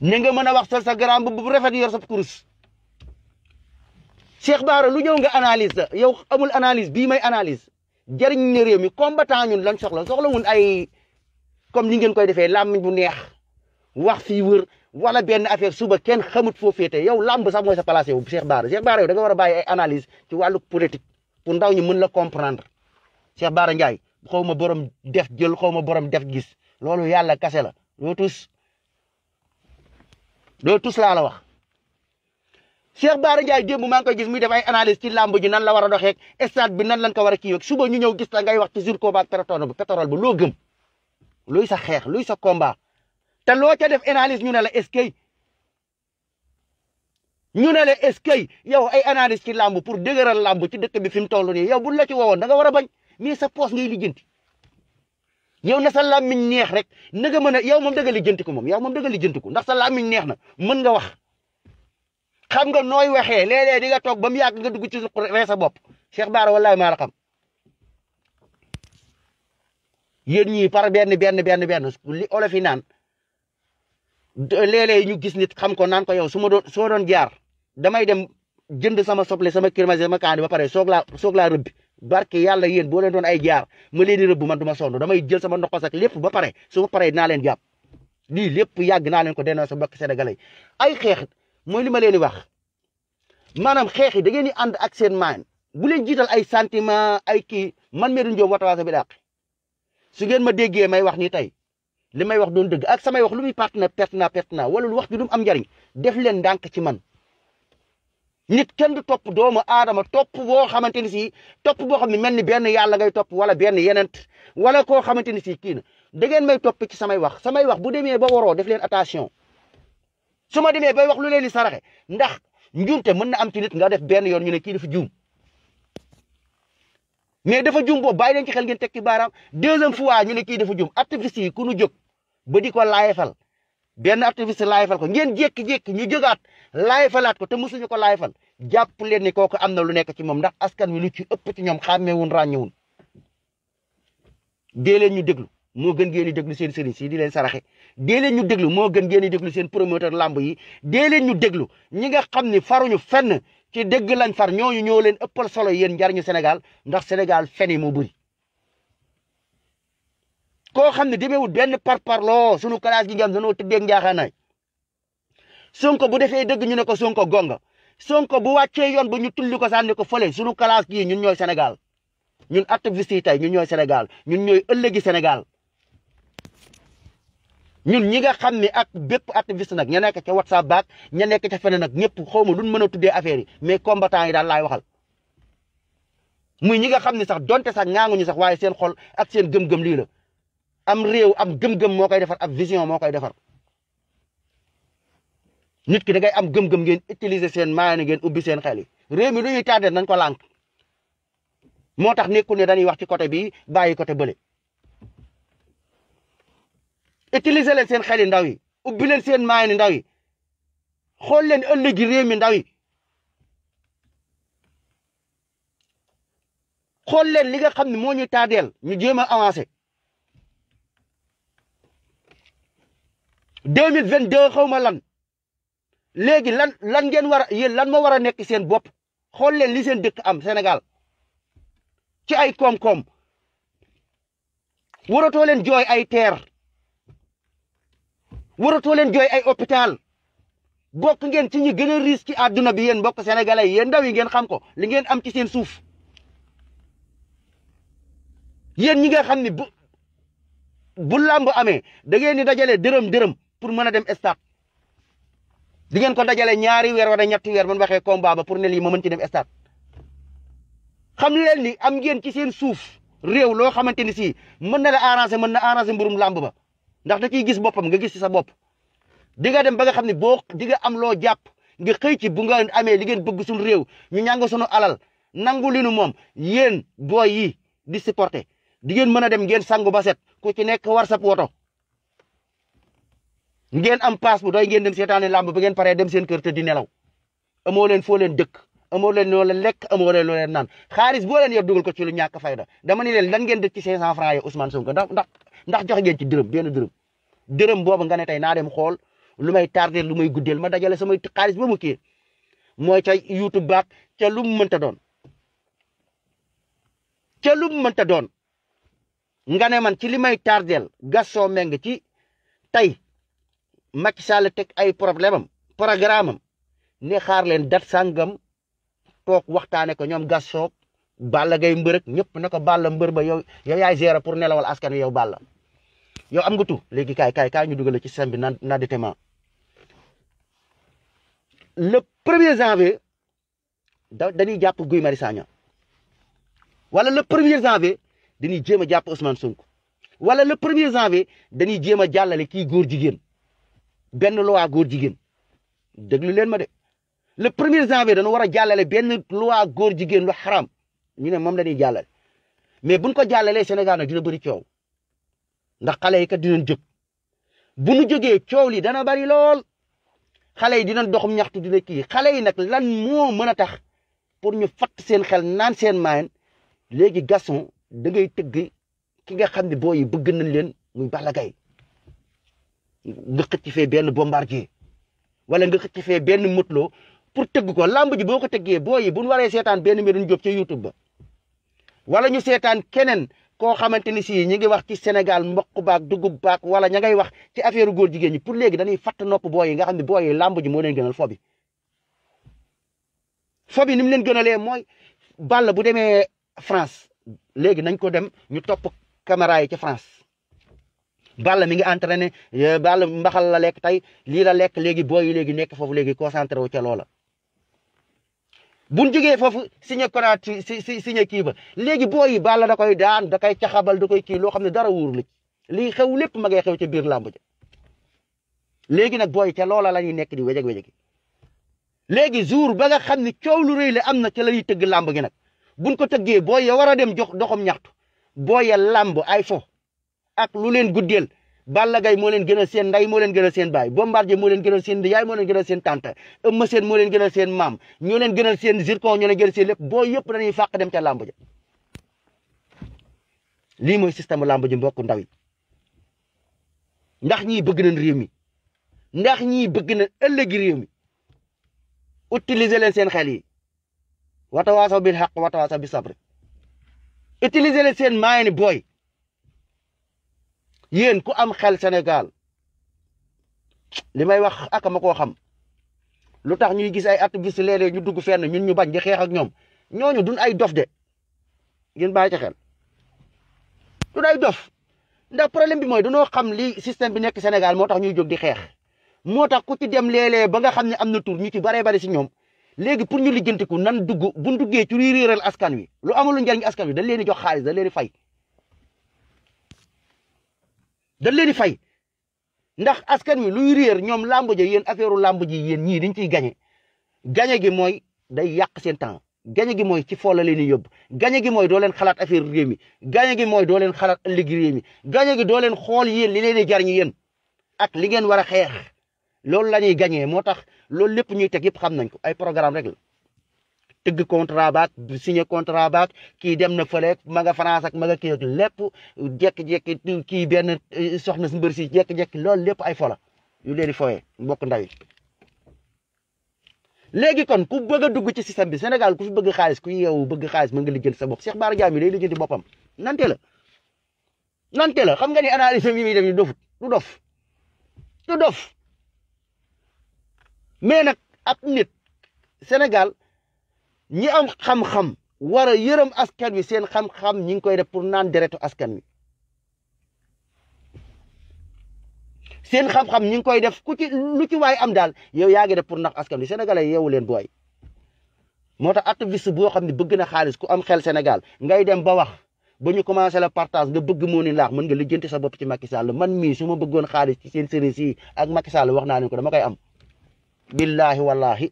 ne nga mën a wax sol sa garam bu rafet yor sa kurus Cheikh Bara lu ñëw nga analyse la yow amul analyse bii may analyse jëriñ ne réew mi combattant ñun lañ soxla soxla wun ay comme ni ngeen koy defee làmmiñ bu neex wax fii wër wala benn affaire suba kenn xamut foo féete yow làmb sax mooy sa place yow Cheikh Bara Cheikh Bara yow da a bàyyi ay analyse ci wàllu politique pour ndaw ñi mën la comprendre Cheikh Bara Ndiaye xaw ma borom def jël xaw ma borom def gis loolu yàlla kase la doo tus doo tus wax. Cheikh Bara Ndiaye démb maa ngi koy gis muy def ay analyse ci làmb ji nan la war a doxee stade bi nan lañ ko war a kii suba ñu ñëw gis la ngay wax ci jour combat pétrole bu pétrole bu loo gëm. looy sa xeex luy sa combat te loo ca def analyse ñu ne la est-ce que ñu ne la est-ce ay analyse ci làmb pour dëgëral làmb ci dëkk bi fi mu toll nii yow buñ la ci wowoon da nga war a bañ mais sa poos ngay lijjanti yow na sa làmmiñ neex rek na nga mën a yow moom dëgg lijjanti ko moom yow moom dëgg lijjanti ndax sa làmmiñ neex na mën nga wax xam nga nooy waxee léeg-léeg di nga toog ba mu yàgg nga dugg ci suq ree sa bopp Cheikh Baara wallahi maa la xam yéen ñii par benn benn benn benn li olof yi naan léeg-léeg ñu gis nit xam ko naan ko yow su ma doon soo doon jaar damay dem jënd sama soble sama kirmasi sama kaani ba pare soog laa soog laa rëbbi barke yàlla yéen leen doon ay jaar ma leen di rëbb man du ma sonn damay jël sama ndox ak lépp ba pare su pare paree naa leen jàpp lii lépp yàgg naa leen ko delloo sa mbokk sénégalais ay xeex mooy li ma leen di wax maanaam xeex yi da ngeen di ànd ak seen maan bu leen jiital ay sentiment ay kii man mii duñ jóg Watawasaw bi dàq su ngeen ma déggee may wax ni tey li may wax doon dëgg ak samay wax lu muy perte na perte naa perte wala lu wax ju du am njariñ def leen ndànk ci man nit kenn du topp doomu aadama topp boo xamante ni si topp boo xam ne mel ni benn yàlla ngay topp wala benn yenent wala koo xamante ni si kii na da ngeen may topp ci samay wax samay wax bu demee ba waroo def leen attention su ma demee bay wax lu leen di saraxe ndax njuumte mën na am ci nit nga def benn yoon ñu ne kii dafa juum mais dafa jum boobu bàyyi leen xel ngeen tekki baaraam deuxième fois ñu ne kii dafa jum activiste yi ku nu jóg ba di ko laayfal benn activiste laayfal ko ngeen jékki-jékki ñu jógaat laayfalaat ko te mosuñu ko laayfal jàpp leen ni kooku am na lu nekk ci moom ndax askan wi lu ci ëpp ci ñoom xàmmeewun ràññewun dee leen ñu déglu moo gën ngeen di déglu seen sëriñ si di leen saraxe dee ñu déglu moo gën ngeen di déglu seen promoteur lamb yi dee leen ñu déglu ñi nga xam ne ñu fenn ci dëgg lan far ñooñu ñoo leen ëppal solo yéen njariñu senegal ndax senegal feni moo bëri koo xam ne demeewul benn parparloo sunu classe gi nga xam dañoo tëddeeg njaaxaanaay Sonko bu defee dëgg ñu ne ko Sonko gonga Sonko bu wàccee yoon bu ñu tulli ko sànni ko fële sunu classe gii ñun ñooy senegal ñun activistes yi tey ñun ñooy Sénégal ñun ñooy ëllëgi Sénégal ñun ñi nga xam ne ak bépp activiste nag ña nekk ca WhatsApp baak ña nekk ca feneen nag ñëpp xaw ma luñ mën a tuddee yi mais combattant yi daal laay waxal muy ñi nga xam ni sax donte sax ñaanguñu sax waaye seen xol ak seen gëm-gëm lii la am réew am gëm-gëm moo koy defar ab vision moo koy defar nit ki da ngay am gëm-gëm ngeen utiliser seen maanaam ngeen ubbi seen xel yi réew mi lu ñuy tardé nañ ko lànk moo tax nekkul ne dañuy wax ci côté bi bàyyi côté bële. utiliser leen seen xel yi ndaw yi ubbi leen seen maay ni xool leen ëllëgi réew mi ndaw yi xool leen li nga xam ne moo ñu taadeel ñu jéem a avancé deux mille vingt deux xaw ma lan léegi lan lan ngeen war a yéen lan ma war a nekk seen bopp xool leen li seen dëkk am senegal ci ay koom-koom waratoo leen jooy ay terre waratoo leen jooy ay hôpital bokk ngeen ci ñi gën a risque àdduna bi yéen mbokk sénégalais yéen ndaw yi ngeen xam ko li ngeen am ci seen suuf yéen ñi nga xam ni bu bu làmb amee da ngeen di dajale dërëm dërëm pour mën a dem stade di ngeen ko dajale ñaari weer wala ñetti weer man waxee combat ba pour ne lii ma mën ci dem stade xam leen ni am ngeen ci seen suuf réew loo xamante ni si mën na la arranger mën na arranger mburum làmb ba. ndax da ciy gis boppam nga gis ci sa bopp di nga dem ba nga xam ne boo di nga am loo jàpp nga xëy ci bu nga amee li ngeen bëgg suñu réew ñu ñàng suñu alal nangu li nu moom yéen booy yi di supporter di ngeen mën a dem ngeen sangu ba set ku ci nekk war sa woto ngeen am paas bu doy ngeen dem seetaane làmb ba ngeen paree dem seen kër te di nelaw amoo leen foo leen dëkk amoo leen loo leen lekk amoo leen loo leen naan xaalis boo leen yor dugal ko ci lu ñàkk fayda dama ni leen lan ndax joxe geen ci dërëm benn dërëm dërëm boobu nga ne tey naa dem xool lu may tardé lu may guddeel ma dajale samay xaalis ba mu kii mooy ca youtube baak ca lu mu doon ca lu mu doon nga man ci li may tardel gasoo meng ci tey Macky Sall teg ay problème am programme am ne xaar leen dat sàngam toog waxtaane ko ñoom gasoo Balla Gaye mbërëk ñëpp na ko Balla mbër ba yow yow yaay gérer pour wal askan wi yow Balla yow am nga tur léegi kaay kaay kaay ñu dugal ci système bi naan naan di témoin le premier janvier da dañuy jàpp Guy Marius Sagna wala le premier janvier dañuy jéem a jàpp Ousmane Sonko wala le premier janvier dañuy jéem a jàllale kii góor jigéen benn loi góor jigéen déglu leen ma de le premier janvier dañu war a jàllale benn loi góor jigéen lu xaram ñu ne moom la ñuy jàllale mais buñ ko jàllalee Sénégal nag dina bëri coow. ndax xale yi kat dina jóg bu nu jógee coow li dana bari lool xale yi dina doxum ñaxtu dina kii xale yi nag lan moo mën a tax pour ñu fatt seen xel naan seen maayen léegi Gaston dangay ngay tëgg ki nga xam ne boo bëgg nañ leen mu Balla Gaye nga xëcc fee benn bombardier wala nga xëcc fee benn Modou Lô pour tëgg ko làmb ji boo ko tëggee boo yi bu nu waree seetaan benn Médoune Diop ca YouTube ba wala ñu seetaan keneen koo xamante ni si ñi ngi wax ci Sénégal mboq baak dugub baak wala ña ngay wax ci affaire góor jigéen ñi pour léegi dañuy fatt nopp booy yi nga xam ne booy yi làmb ji moo leen gënal fo bi fo bi ni mooy Balla bu demee France léegi nañ ko dem ñu topp caméra yi ci France Balla mi ngi entraîné Balla mbaxal la lekk tey lii la lekk léegi booy yi léegi nekk foofu léegi concentré wu ca loola buñ jógee foofu signé konaat si si signé kii ba léegi boo yi Balla da koy daan da koy caxabal da koy kii loo xam ne dara wóoru la lii xew lépp ma ngay xew ca biir làmb ja léegi nag booy ca loola la nekk di wejeg wejeg léegi jour ba nga xam ne coow lu rëy la am na ca la ñuy tëgg làmb gi nag buñ ko tëggee booy ya war a dem jox doxam ñaxtu booy ya làmb ay fo ak lu leen guddeel Balla Gaye moo leen gënal seen nday moo leen gënal seen baay Bombardier moo leen gënal seen yaay moo leen gënal seen tante Eumeu Sène moo leen seen maam ñoo leen gënal seen zircon ñoo leen gënal seen lépp boo yëpp dañuy fàq dem ca làmb lii mooy système làmb ji mbokk ndaw yi ndax ñii bëgg nañ réew mi ndax ñii bëgg nañ ëllëgi mi utiliser leen seen xel yi watawaasaw bil xaq watawaasaw bi sabr utiliser leen seen maayani booy yéen ku am xel Sénégal li may wax ak ma koo xam lu tax ñuy gis ay activiste léeg-léeg ñu dugg fenn ñun ñu bañ di xeex ak ñoom ñu duñ ay dof de ngeen bàyyi ci xel duñ ay dof ndax problème bi mooy dañoo xam li système bi nekk senegal moo tax ñuy jóg di xeex moo tax ku ci dem léeg ba nga xam ne am na tur ñu ci baree bari si ñoom léegi pour ñu lijjantiku nan dugg bu duggee ci riiréeral askan wi lu amul njariñ askan wi dañ leen di jox xaalis da leen di fay dañ leen di fay ndax askan wi luy réer ñoom làmb ji yéen affaire làmb ji yéen ñii dañ ciy gañe gañe gi mooy day yàq seen temps gañe gi mooy ci foo la leen di yóbbu gañe gi mooy doo leen xalaat affaire réew mi gañe gi mooy doo leen xalaat ëllëg gañe gi doo leen xool yéen li leen di jar yéen ak li ngeen war a xeex loolu la ñuy gañee moo tax loolu lépp ñuy teg yëpp xam nañ ko ay programme rek la tëgg contrat baak du signé contrat baak kii dem na fële ma nga France ak ma nga kii ak lépp jékki-jékki kii benn euh, soxna si mbër si jékki-jékki loolu lépp ay fola yu leen di foyee mbokk ndaw kon ku bëgg a dugg ci si bi Sénégal ku fi bëgg xaalis ku yeewu bëgg xaalis mën nga lijjanti sa bopp Cheikh Bara Ndiaye mi day lijjanti boppam nante la nante la xam nga ni analyse yi muy dofut du dof du dof mais nag ab nit ñi am xam-xam war a yërëm askan wi seen xam-xam ñi ngi koy def pour naan deretu askan wi seen xam-xam ñi ngi koy def ku ci lu waay am daal yow yaa ngi def pour nax askan wi sénégalais yeewu leen booy moo tax activiste boo xam ne bëgg na xaalis ku am xel Sénégal ngay dem ba wax bu ñu commencé la partage nga bëgg moo ni laax mën nga lijjanti sa bopp ci Macky Sall man mii su ma bëggoon xaalis ci seen sëriñ si ak makisal Sall wax naa leen ko dama koy am. billahi wallahi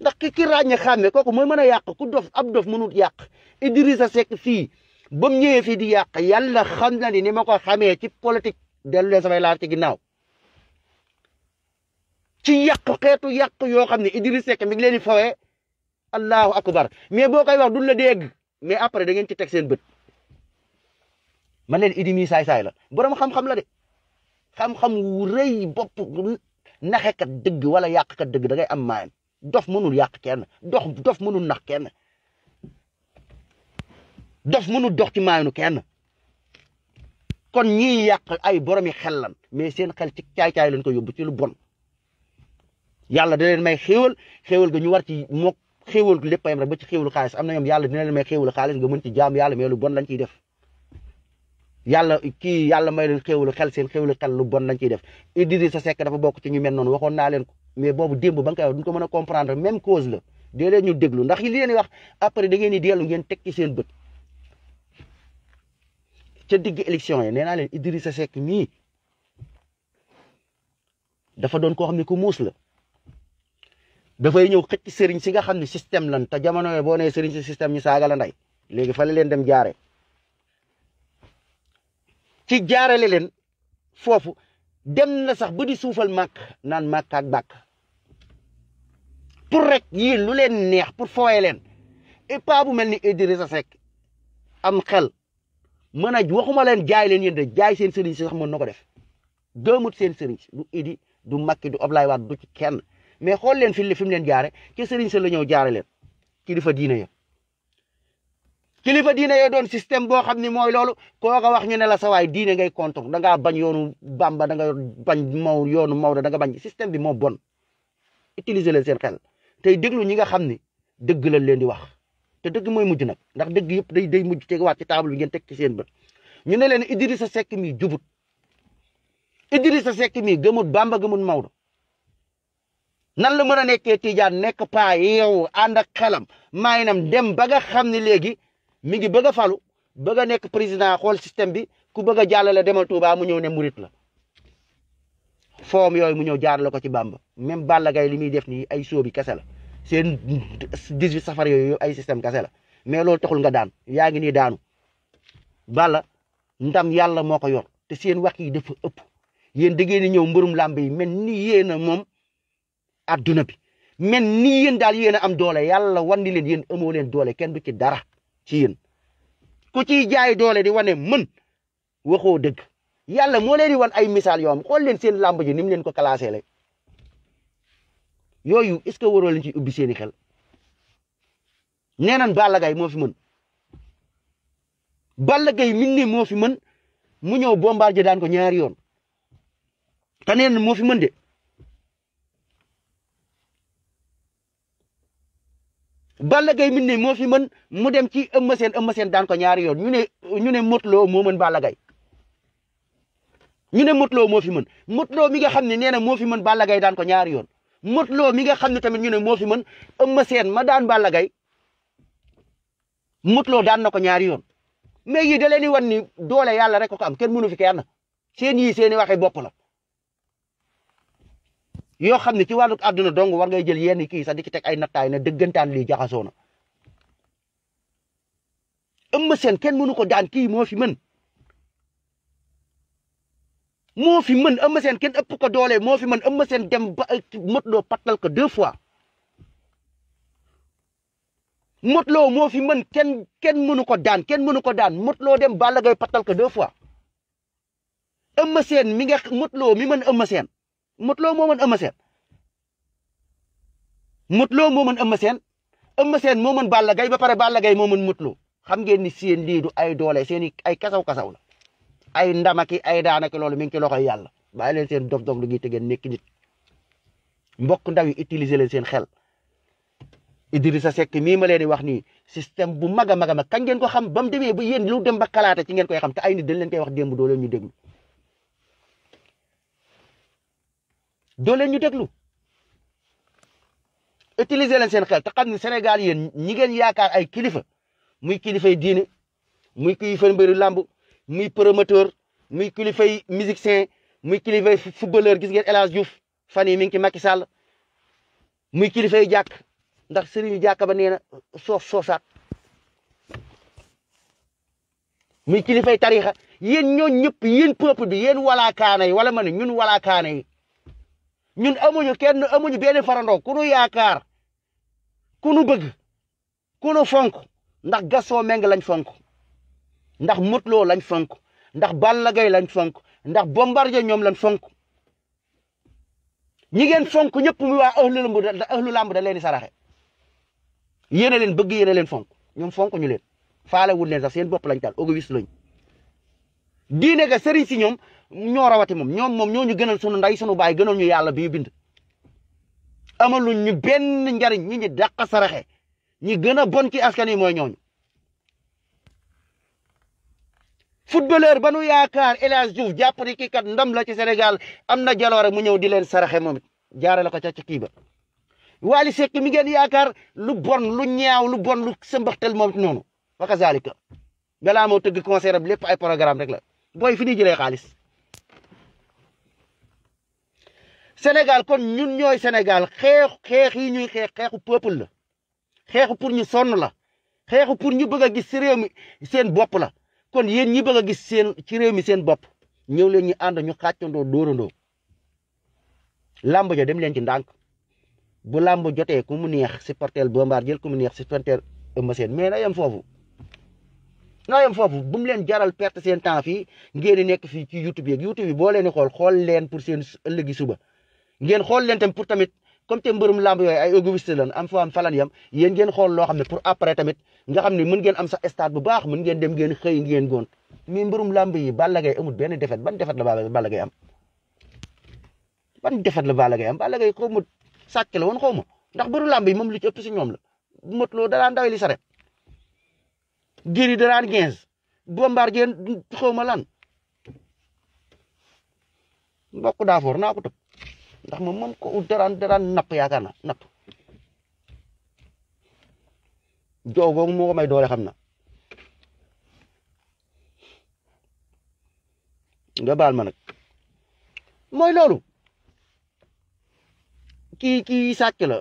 ndax ki ki ràññe xàmme kooku mooy mën a yàq ku dof ab dof mënut yàq Idrissa Seck fii ba mu ñëwee fii di yàq yàlla xam na ni ni ma ko xamee ci politique dellu leen samay laar ci ginnaaw ci yàq xeetu yàq yoo xam ne Idrissa Seck mi ngi leen di fawee allahu akbar mais boo koy wax duñ la dégg mais après da ngeen ci teg seen bët man leen Idi mi saay saay la borom xam-xam la de xam-xam wu rëy bopp naxekat dëgg wala yàqkat dëgg da ngay am dof mënul yàq kenn dox dof mënul nax kenn dof mënul dox ci maayanu kenn kon ñiy yàq ay boromi xel lan mais seen xel ci caay-caay lañ ko yóbbu ci lu bon yàlla da leen may xéewal xéewal ga ñu war ci mook xéewal léppayam rek ba ci xéewalu xaalis am na ñoom yàlla dina leen may xéewalu xaalis ci jaam yàlla mais lu bon lañ ciy def yàlla kii yàlla may leen xéwlu xel seen xéwlu xel lu bon lañ ciy def Idrissa Seck dafa bokk ci ñu mel noonu waxoon naa leen ko mais boobu démb ba nga koy ko mën a comprendre même cause la dee leen ñu déglu ndax li leen wax après da ngeen di dellu ngeen teg ci seen bët ca yi nee naa leen Idrissa Seck mii dafa doon koo xam ne ku muus la dafay ñëw xëcc sëriñ si nga xam ne système lan te jamono boo nee sëriñ si système ñu saaga la ndey léegi fa leen dem jaaree. ci jaarale leen foofu dem na sax ba di suufal màkk naan màkk ak bàkk pour rek yii lu leen neex pour fooye leen et pas mel ni Idrissa Seck am xel mën a waxuma leen jaay leen yéen de jaay seen sëriñ si sax mën na ko def gëmut seen sëriñ du Idi du Macky du Ablaye Wade du ci kenn mais xool leen fi fi mu leen jaare ci sëriñ sa la ñëw jaare leen kilifa diine ya kilifa diine yoo doon système boo xam ni mooy loolu koo ko wax ñu ne la sa waay diine ngay contre da bañ yoonu Bamba danga nga bañ maw yoonu Maodo da nga bañ système bi moo bon utiliser leen seen xel tey déglu ñi nga xam ni dëgg lañ leen di wax te dëgg mooy mujj nag ndax dëgg yëpp day day mujj tegawaat ci table bi ngeen teg ci seen bët ñu ne leen Idrissa Seck mi jubut Idrissa Seck mi gëmut Bamba gëmut Maodo nan la mën a nekkee Tijaan nekk paa yeewu ànd ak xelam maay nam dem ba nga xam ni léegi. mi ngi bëgg a falu bëgg nekk président xool système bi ku bëgg a jàllale demal Touba mu ñëw ne murit la foom yooyu mu ñëw jaarale ko ci Bamba même Balla gay li muy def nii ay sóobi kese la seen 18 safar yooyu ay système kese la mais loolu taxul nga daan yaa ngi nii daanu Balla ndam yàlla moo ko yor te seen wax yi dafa ëpp yéen da ngeen di ñëw mbërum làmb yi mel ni yéen a moom adduna bi mel ni yéen daal yéen a am doole yàlla wan ni leen yéen leen doole kenn du ci dara ci yéen ku ciy jaay doole di wane man mën waxoo dëgg yàlla moo leen di wan ay misaal yoo am xool leen seen làmb ji ni mu leen ko classé le yooyu est ce que waroo leen ci ubbi seeni xel nee nañ Balla Gaye moo fi mën Balla Gaye mi ne moo fi mën mu ñëw bombardier daan ko ñaari yoon te nee nañ moo de Balla gay mi ne moo fi mën mu dem ci Eumeu Sène Eumeu Sène daan ko ñaari yoon ñu ne ñu ne Modou moo mën Balla gay ñu ne Modou Lo moo fi mën Modou mi nga xam ne nee na moo fi mën Balla gay daan ko ñaari yoon Modou Lo mi nga xam ne tamit ñu ne moo fi mën Eumeu Sène ma daan Balla gay Modou Lo daan na ko ñaari yoon mais yii da leen di wan ni doole yàlla rek ko am kenn mënu fi kenn seen yii seen i waxe bopp la yoo xam ne ci wàllu àdduna dong war ngay jël yenn kii sax di ci teg ay nattaay ne dëggantaan lii jaxasoo na Eumeu Sène kenn mënu ko daan kii moo fi mën moo fi mën Eumeu Sène kenn ëpp ko doole moo fi mën a Sène dem ba Modou Lo pattal ko deux fois Modou Lo moo fi mën kenn kenn mënu ko daan kenn mënu ko daan Modou dem Balla Gaye pattal ko deux fois Eumeu Sène mi nga Modou Lo mi mën Eumeu Sène Modou Lo moo mën Eumeu Sène Modou Lo moo mën Eumeu Sène Eumeu moo mën Balla Gaye ba pare Balla gay moo mën Modou Lo xam ngeen ni seen liidu ay doole seen i ay kasaw-kasaw la ay ndamaki ay daanaki loolu mi ngi ci loxoy yàlla bàyyi seen dof dof lu ngi geen nekk nit mbok ndaw yi utiliser leen seen xel Idrissa Seck mii ma leen di wax nii bu mag a mag a mag ko xam ba mu demee ba yéen lu dem ba kalaate ci ngeen koy xam te ay nit dañ leen koy wax démb doo leen ñu doo leen ñu déglu utiliser leen seen xel te xam ne ñi ngeen ay kilifa muy kilifay diine muy kilifay mbëru làmb muy promoteur muy kilifay musicien muy kilifay footballeur gis ngeen El Hadj Diouf fan mi ngi ci Macky Sall muy kilifay jàkk ndax sëriñu jàkk ba nee na soof soosaat muy kilifay tarixa yéen ñoo ñëpp yéen peuple bi yéen walaakaane yi wala ma ne ñun yi ñun amuñu kenn amuñu benn farandoo ku nu yaakaar ku bëgg ku nu fonk ndax Gaston Mbengue lañ fonk ndax Modou Lo lañ fonk ndax Balla Gaye lañ fonk ndax Bombardier ñoom lañ fonk ñi ngeen fonk ñëpp mu waa ahlu lamb da ahlu lamb da leen di saraxe yéen a leen bëgg yéen leen fonk ñoom fonk ñu leen faale wul leen sax seen bopp lañ tal auguste lañ diine ga sëriñ si ñoom ñoo rawati moom ñoom moom ñoo ñu gënal sunu nday sunu baay gënal ñu yàlla bi bind. amaluñ ñu benn njariñ ñi ñi dàq saraxe ñi gën a bon ci askan yi mooy ñooñu. footballeur ba nu yaakaar El Hadj Diouf jàpp ni kii ndam la ci senegal am na jaloore mu ñëw di leen saraxe moom it jaarale ko ca ci kii ba. Wally mi ngeen yaakaar lu bon lu ñaaw lu bon lu sëmbaxtal moom it noonu wa kazalika balaa moo tëgg concert am lépp ay programme rek la booy fi ñuy jëlee xaalis. Sénégal kon ñun ñooy senegal xeex xeex yi ñuy xeex xeexu peuple la xeex pour ñu sonn la xeex pour ñu bëgg gis ci seen bopp la kon yéen ñi bëgg a gis seen ci réew mi seen bopp ñëw leen ñu ànd ñu xàccandoo dóorandoo lamb ja dem leen ci ndànk bu làmb jotee ku mu neex supporter Bombardier ku mu neex supporter ma seen mais na yem foofu na yem foofu bu mu leen jaral perte seen temps fii ngeen nekk fii ci YouTube yeeg YouTube bi boo leen di xool xool leen pour seen ëllëgi suba. ngeen xool leen tam pour tamit comme te mbërum lamb yooyu ay égoïste lan am falan yam yéen ngeen xool loo xam ne pour après tamit nga xam ne mën ngeen am sax stade bu baax mën ngeen dem ngeen xëy ngeen gont mais mbërum lamb yi Balla Gaye amul benn defet ban defet la Balla Gaye am ban defet la Balla Gaye am Balla Gaye xaw ma sàcc la woon xaw ma ndax mbëru lamb yi moom lu ci ëpp si ñoom la motloo danaan dawee li saret giri danaan quinze bombardier xaw ma lan mbokk daa foor naa ko tëb ndax moom man ko dara daraan napp yaakaar na napp joo googu moo doole xam na nga baal ma nag mooy loolu kii kii sàcc la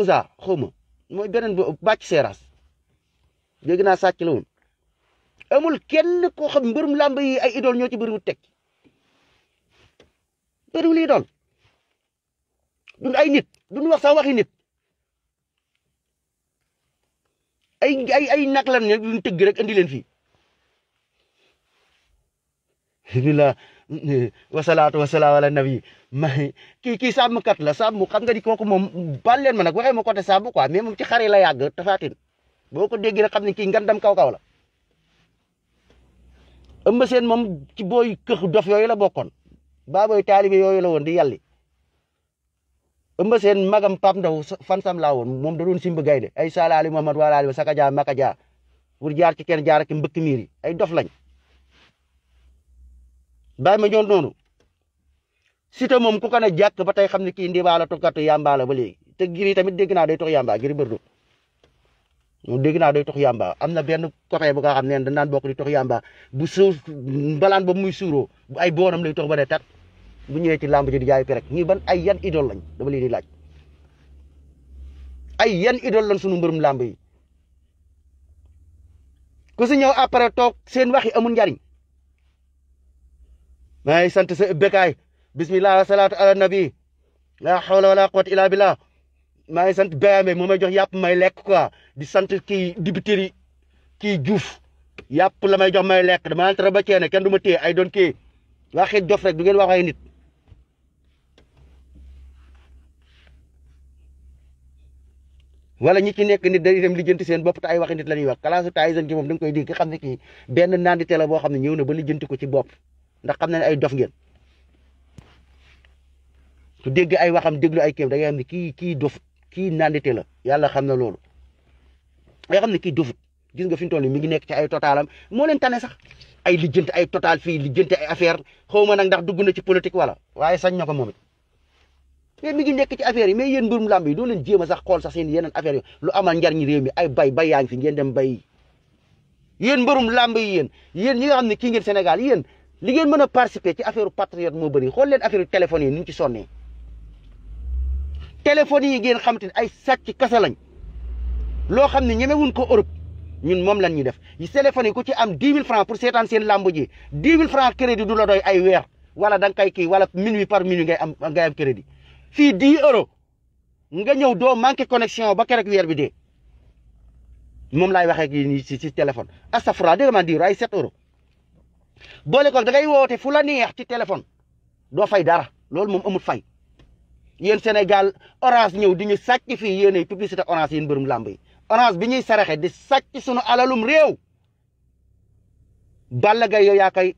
usa xawma mooy beneen bu bàcc seeraas dégg naa sàcc la woon amul kenn koo xam mbërum làmb yi ay idol ñoo ci bëriwul teg bëriwul idol ñun ay nit duñu wax sax waxi nit ay ay ay nag ne duñ tëgg rek andi leen fii bismillah wasalaatu wasalaam ala nabi ma kii kii sàmmkat la mu xam nga ni kooku moom baal leen ma nag waxee ma côté sàmm quoi mais moom ci xare la yàgg tafaatin boo ko déggee rek xam ne kii ngandam kaw-kaw la ëmb seen moom ci booy këx dof yooyu la bokkoon baaboy taalibe yooyu la woon di yàlli ëmb seen magam pap ndaw fan sam laa woon moom da doon simb gaynde ay Salali Mohamad walaali ba Saka Dia Maka jaar ci kenn jaar ak mbëkk miir yi ay dof lañ bàyyi ma ñoon noonu Siteu moom ku ko ne jàkk ba tey xam ne kii ndibaala tukkatu yàmbaa la ba léegi giri tamit dégg naa day tox yàmbaa giri bërdu moom dégg naa day tox yàmbaa am na benn copain bu nga xam ne dañ bu ba muy suuroo ay booram lay tox ba ne tat bu ñëwee ci làmb ji di jaay perek ñii ban ay yan idole lañ dama leen di laaj ay yan idole lañ sunu mbërum làmb yi ku si ñëw après toog seen wax yi amul njariñ maa ngi sant sa bekkaay bismillah salaatu ala nabi la hawla wala quwwata illa billah maa ngi sant Béyamé moo may jox yàpp may lekk quoi di sant kii dibiteri kii Diouf yàpp la may jox may lekk dama entre ba ceene kenn du ma téye ay doon kii waxit dof rek du ngeen wax ay nit wala ñi ci nekk ni dañuy dem seen bopp te ay waxi nit la ñuy wax kalaasu Tyson gi moom da nga koy dégg xam ne kii benn nandite la xam ne ñëw na ba lijjanti ko ci bopp ndax xam na ne ay dof ngeen su dégg ay waxam déglu ay kéem da ngay xam ne kii kii dof kii nandite la yàlla xam na loolu nga xam ne kii dofut gis nga fi mu toll mi ngi nekk ci ay totalam moo leen tane sax ay lijjanti ay total fii lijjanti ay affaire xaw ma nag ndax dugg na ci politique wala waaye sañ na ko moom yéen mi ngi nekk ci affaire yi mais yéen mbirum làmb yi doo leen jéem a sax xool sax seen yeneen affaire yi lu amal njariñ réew mi ay bay bay yaa ngi fi ngeen dem bay yéen mbirum làmb yi yéen yéen ñi nga xam ne kii ngeen senegal yéen li ngeen mën a participer ci affaire patriote moo bëri xool leen affaire téléphone yi ni ñu yi ngeen xam te ay sàcc kasa lañ loo xam ne ñemewuñ ko Europe ñun moom lan ñuy def téléphone yi ku ci am 10 000 francs pour seetaan seen làmb ji 10 000 francs la doy ay weer wala da nga koy kii wala minuit par minuit ngay am ngay am crédit fii 10 euros nga ñëw doo manqué connexion ba keroog weer bi dee moom laay waxee ak yéen ci ci téléphone astafurlah dégg nga man di ay 7 euros boole ko da woote fu la neex ci téléphone doo fay dara loolu moom amut fay yen senegal orange ñëw di ñu sàcc fii yéenay publicité orange yéen mbërum làmb yi orange bi ñuy saraxe di sàcc sunu alalum réew Balla Gaye yow yaa koy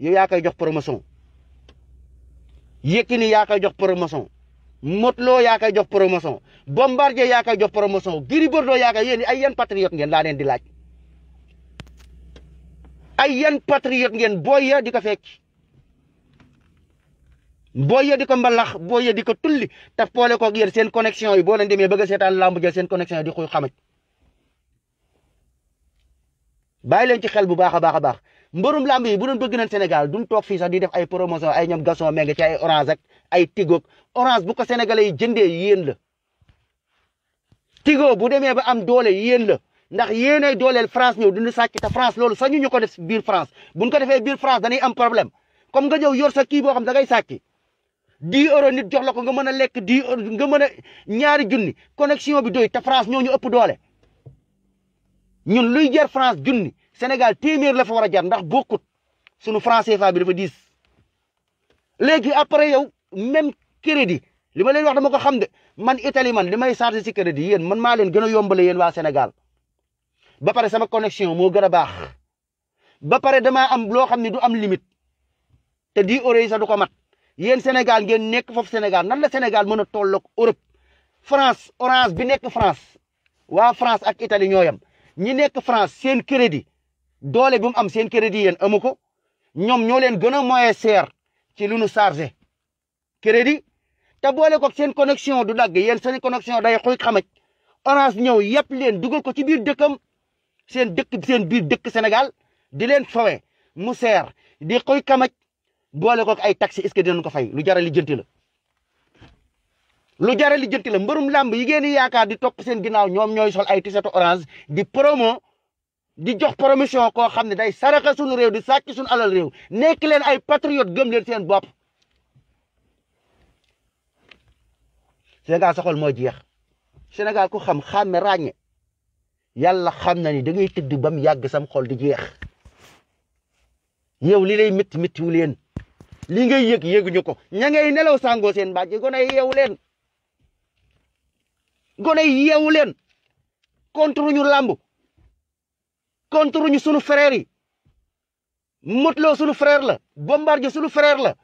yow yaa koy jox promotion. Yékini yaa koy jox promotion Modou Lo yaa koy jox promotion Bombardier yaa koy jox promotion Gris Bordeaux yaa koy yéen ay yan patriote ngeen laa leen yan patriote ngeen booy ya di ko fekk booy ya di ko mbalax booy ya di ko tulli te boole koog yéen seen connexion yi boo leen demee bëgg a seetaan làmb jël seen connexion yi di xuy xamaj bàyyi leen ci xel bu baax a baax a baax mbërum lamb yi bu doon bëgg nañ Sénégal duñ toog fii sax di def ay promotion ay ñoom Gaston Mbengue ci ay orange ay Tigo orange bu ko sénégalais yi jëndee yéen la Tigo bu demee ba am doole yéen la ndax yéenay dooleel France ñëw duñu sàcc te France loolu sañu ñu ko def biir France buñ ko defee biir France dañuy am problème comme nga ñëw yor sa kii boo xam da ngay sàcc 10 euros nit jox la ko nga mën a lekk 10 nga mën a ñaari junni connexion bi doy te ñoo ñu ëpp doole ñun luy jar France Sénégal téeméer la fa war a jar ndax bokkut sunu franc CFA bi dafa diis léegi après yow même crédit li ma leen wax dama ko xam de man Italie man li may chargé ci crédit yéen man maa leen gën a yombale yéen waa Sénégal ba pare sama connexion moo gën a baax ba pare damaa am loo xam ne du am limite te di euro yi sax du ko mat yéen Sénégal ngeen nekk foofu Sénégal nan la Sénégal mën a tolloog Europe France Orange bi nekk France waa France ak Italie yooyam ñi nekk France seen crédit doole bi mu am seen crédit yéen amu ko ñoom ñoo leen gën a moyen cher ci lu nu chargé crédit te boole ko seen connexion du dagg yéen seen connexion day xuy xamaj orange ñëw yëpp leen dugal ko ci biir dëkkam seen dëkk seen biir dëkk Sénégal di leen fawe mu seer di xuy xamaj boole ko ay taxi est-ce que ko fay lu jar a lijjanti la. lu jar a lijjanti la mbërum làmb yi ngeen di yaakaar di topp seen ginnaaw ñoom ñooy sol ay tisetu orange di promo di jox promotion koo xam ne day saraxa suñu réew di sàcc suñu alal réew nekk leen ay patriote gëm leen seen bopp Sénégal soxol moo jeex Sénégal ku xam xàmme ràññe yàlla xam na ni da ngay tëdd ba mu yàgg sam xol di jeex yow li lay métti méttiwu leen li ngay yëg yëguñu ko ña ngay nelaw sàngoo seen bàjj gone yeewu leen gone yeewu leen contre ñu làmb contre ñu sunu frère yi Modou Lo sunu frère la Bombardier sunu frère la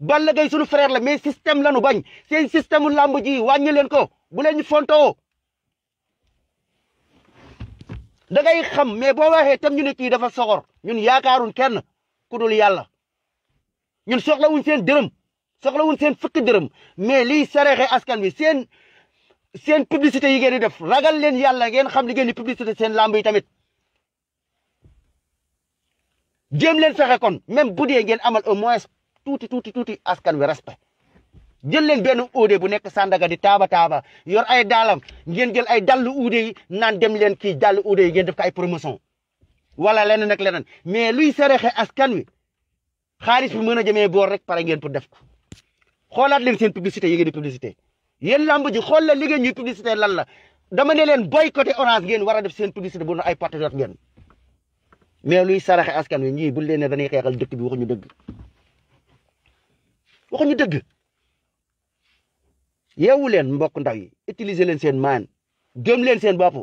Balla Gaye sunu frère la mais système lanu bañ seen système làmb ji wàññi leen ko bu leen ñu fontoo da xam mais boo waxee tam ñu ne kii dafa soxor ñun yaakaarun kenn ku dul yàlla ñun soxlawuñ seen dërëm soxlawuñ seen fukki dërëm mais liy sarexe askan wi seen seen publicité yi ngeen di def ragal leen yàlla ngeen xam li ngeen di publicité seen làmb yi tamit jéem leen fexe kon même bu dee ngeen amal au moins tuuti tuuti tuuti askan wi respect jël leen benn uude bu nekk Sandaga di taaba taaba yor ay daalam ngeen jël ay dallu uude yi naan dem leen kii dallu uude yi ngeen def ko ay promotion wala leneen ak leneen mais luy saraxe askan wi xaalis bi mën a jëmee boor rek pare ngeen pour def ko xoolaat leen seen publicité yi ngeen di publicité yéen lamb ji la li ngeen ñuy publicité lan la dama ne leen orange ngeen war a def seen publicité bu ne ay ngeen mais luy saraxe askan wi ñii buñ leen ne dañuy xeexal dëkk bi waxuñu dëgg waxuñu dëgg yeewu leen mbokk ndaw yi utiliser leen seen maan gëm leen seen bopp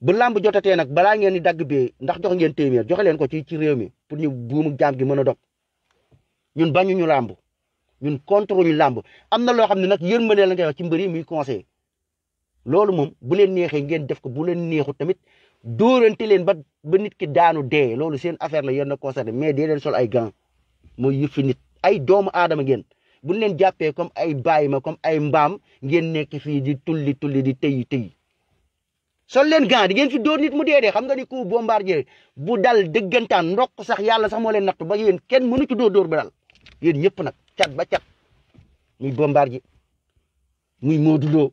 bu làmb jotatee nag balaa ngeen di dagg bee ndax jox ngeen téeméer joxe leen ko ci ci réew mi pour ñu buumu jaam gi mën a dog ñun bañuñu làmb ñun contre ñu làmb am na loo xam ne nag yërmande la ngay wax ci yi muy conseil loolu moom bu leen neexee ngeen def ko bu leen neexut tamit dóorante leen ba ba nit ki daanu dee loolu seen affaire la yéen a concerné mais dee leen sol ay gants mooy yëfi nit ay doomu aadama ngeen bu ñu leen jàppee comme ay bàyyi ma comme ay mbaam ngeen nekk fii di tulli tulli di tëyi tëyi sol leen gants di ngeen fi door nit mu dee dee xam nga ni ku bombardier bu dal dëggantaan ndokk sax yàlla sax moo leen nattu ba yéen kenn mënu ci dóor dóor ba dal yéen ñëpp nag cat ba cat muy bombardier muy Modou Lo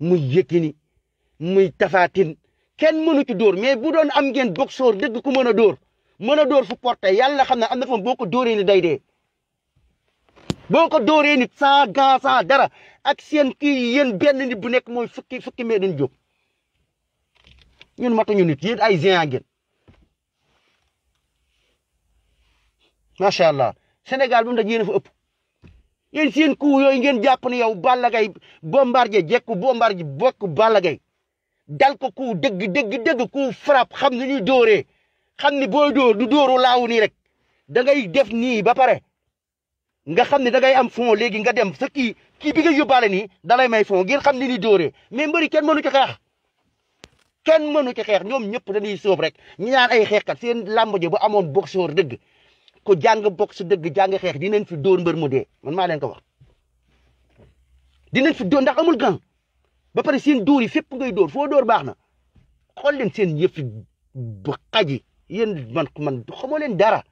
muy Yékini muy Tapha kenn mënu ci dóor mais bu doon am ngeen boxeur dëgg ku mën a door mën a door fu porte yàlla xam ne am na fa boo ko dóoree ni day dee boo ko dóoree nit sans gant sans dara ak seen ki yéen benn nit bu nekk mooy fukki fukki mee dañ jóg ñun matuñu nit yéen ay géant ngeen macha allah senegal moom dañ yéen fu ëpp yéen seen coup yooyu ngeen jàpp ne yow Balla Gaye bombardier jekk bombardier bokk Balla Gaye dal ko ku dëgg dëgg dëgg ku frappe xam ni ñuy dóoree xam ni booy dóor du dóoru laaw nii rek da ngay def nii ba pare nga xam ne da ngay am fond léegi nga dem sa kii kii bi nga yóbbaale nii da lay may fond ngeen xam ni ñuy dóoree mais mbëri kenn mënu ci xeex kenn mënu ci xeex ñoom ñëpp dañuy sóob rek ñu naan ay xeexkat seen làmb ji bu amoon boxeur dëgg ku jàng box dëgg jàng xeex dinañ fi dóor mbër mu dee man maa leen ko wax dinañ fi dóor ndax amul gan ba pare seen dóor yi fépp ngay dóor foo door baax na xool leen seen yëf bu xaji yéen man man xamoo leen dara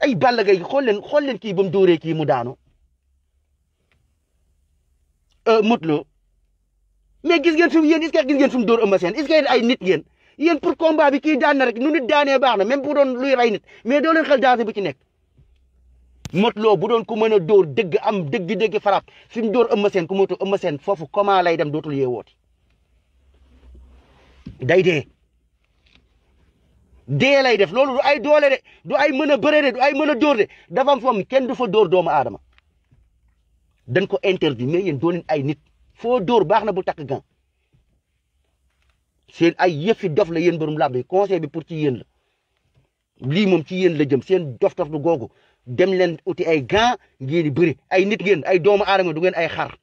ay Balla Gaye xool leen xool leen kii ba mu dóoree kii mu daanu euh, Modou Lo mais gis ngeen fi mu yéen est-ce que gis ngeen fi mu dóor Eumeu Sène ay nit ngeen yéen pour combat bi kii daan na rek nu nit daanee baax na même bu doon luy rey nit mais doo leen xel danger bu ci nekk. Modou bu doon ku mën a dóor dëgg am dëgg-dëgg farap fi mu dóor Eumeu Sène ku moytu Eumeu Sène foofu comment lay dem dootul yeewooti day dee dee lay def loolu du ay doole de du ay mën a bëre de du ay mën a dóor am foom kenn du fa door doomu aadama dañ ko interdit mais yéen doo ay nit foo dóor baax na bu takk gan seen ay yëfi dof la yéen borom làmb yi conseil bi pour ci yéen la lii moom ci yéen la jëm seen dof dof du googu dem leen uti ay gants ngeen di bëri ay nit ngeen ay doomu aadama du ngeen ay xar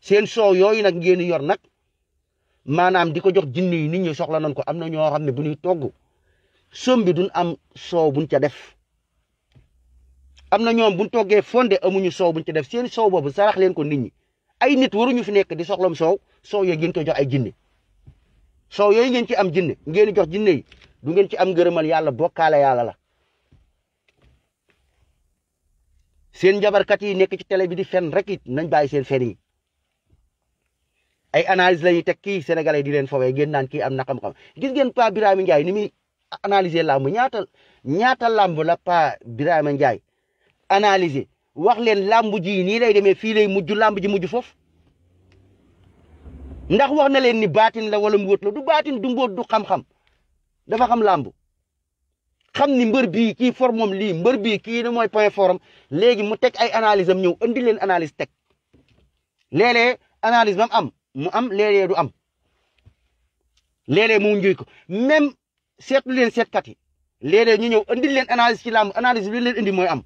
seen soow yooyu nag ngeen yor nag maanaam di ko jox jinne yi nit ñi soxla nañ ko am na ñoo xam ne bu ñuy togg som bi duñ am soow buñ ca def am na ñoom buñ toggee fonde amuñu soow buñ ca def seen soow boobu sarax leen ko nit ñi ay nit ñu fi nekk di soxlam soow soow yooyu ngeen koy jox ay jinne soow yooyu ngeen ci am jinne ngeen jox jinne yi du ngeen ci am ngërëmal yàlla bokkaale yàlla la seen njabarkat yi nekk ci télé bi di fen rek it nañ bàyyi seen fen yi ay analyse la ñuy kii sénégalais di leen fowee ngeen naan kii am na xam-xam ngeen Pa Birame Ndiaye ni muy analyser ñaata ñaata làmb la Pa Birame Ndiaye analyser wax leen làmb ji nii lay demee fii lay mujj làmb ji mujj foofu ndax wax na leen ni baatin la wala mbóot la du baatin du mbóot du xam-xam dafa xam làmb xam ni mbër bii kii forme moom lii mbër bii kii ni mooy point forme léegi mu teg ay analyse am ñëw andi leen analyse teg léeg-léeg analyse bam am mu am léeg du am léeg mu njuy ko même seetlu leen seetkat yi léeg ñu ñëw andi leen analis ci làmb analyse bi leen indi mooy am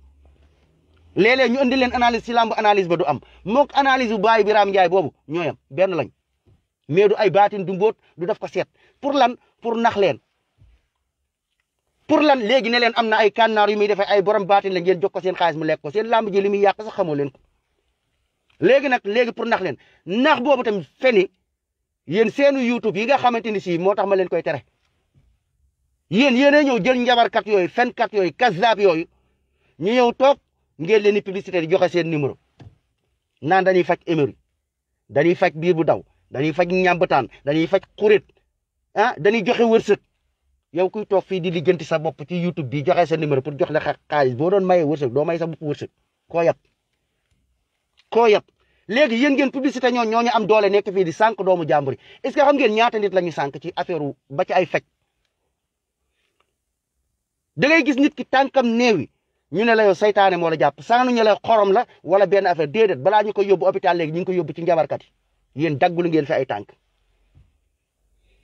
léeg-léeg ñu andi leen analis ci làmb analyse ba du am mook analyse bu bàyyi Birame Ndiaye boobu ñooyam benn lañ mais du ay baatin du mbóot du def ko seet pour lan pour nax leen pour lan léegi ne leen am na ay kànnaar yu muy defee ay borom baatin la ngeen jox ko seen xaalis mu lekk ko seen làmb ji li muy yàq sax xamoo leen ko léegi nag léegi pour nax leen nax boobu tam feni yéen seen YouTube yi nga xamante ni si moo tax ma leen koy tere yéen yéenay ñëw jël njabarkat yooyu fenkat yooyu kazaab yooyu ñu yow toog ngeen leen di publicité di joxe seen numéro naan dañuy faj éméri dañuy faj biir bu daw dañuy faj ñàmbataan dañuy faj xuréet ah dañuy joxe wërsëg yow kuy toog fii di lijjanti sa bopp ci YouTube bi joxe sa numéro pour jox la xaalis boo doon maye wërsëg doo may sa bopp wërsëg koo yab koo yab léegi yéen ngeen publicité ñoo ñoo ñu am doole nekk fii di sànq doomu jàmbur yi est ce que xam ngeen nit la ñu sànq ci affaire ba ci ay fecc da ngay gis nit ki tànkam néewi ñu ne la yow saytaane moo la jàpp saanu ñu la xorom la wala benn affaire déedéet balaa ñu ko yóbbu hôpital léegi ñu ngi ko yóbbu ci njabarkat yi yéen daggul ngeen fi ay tànk.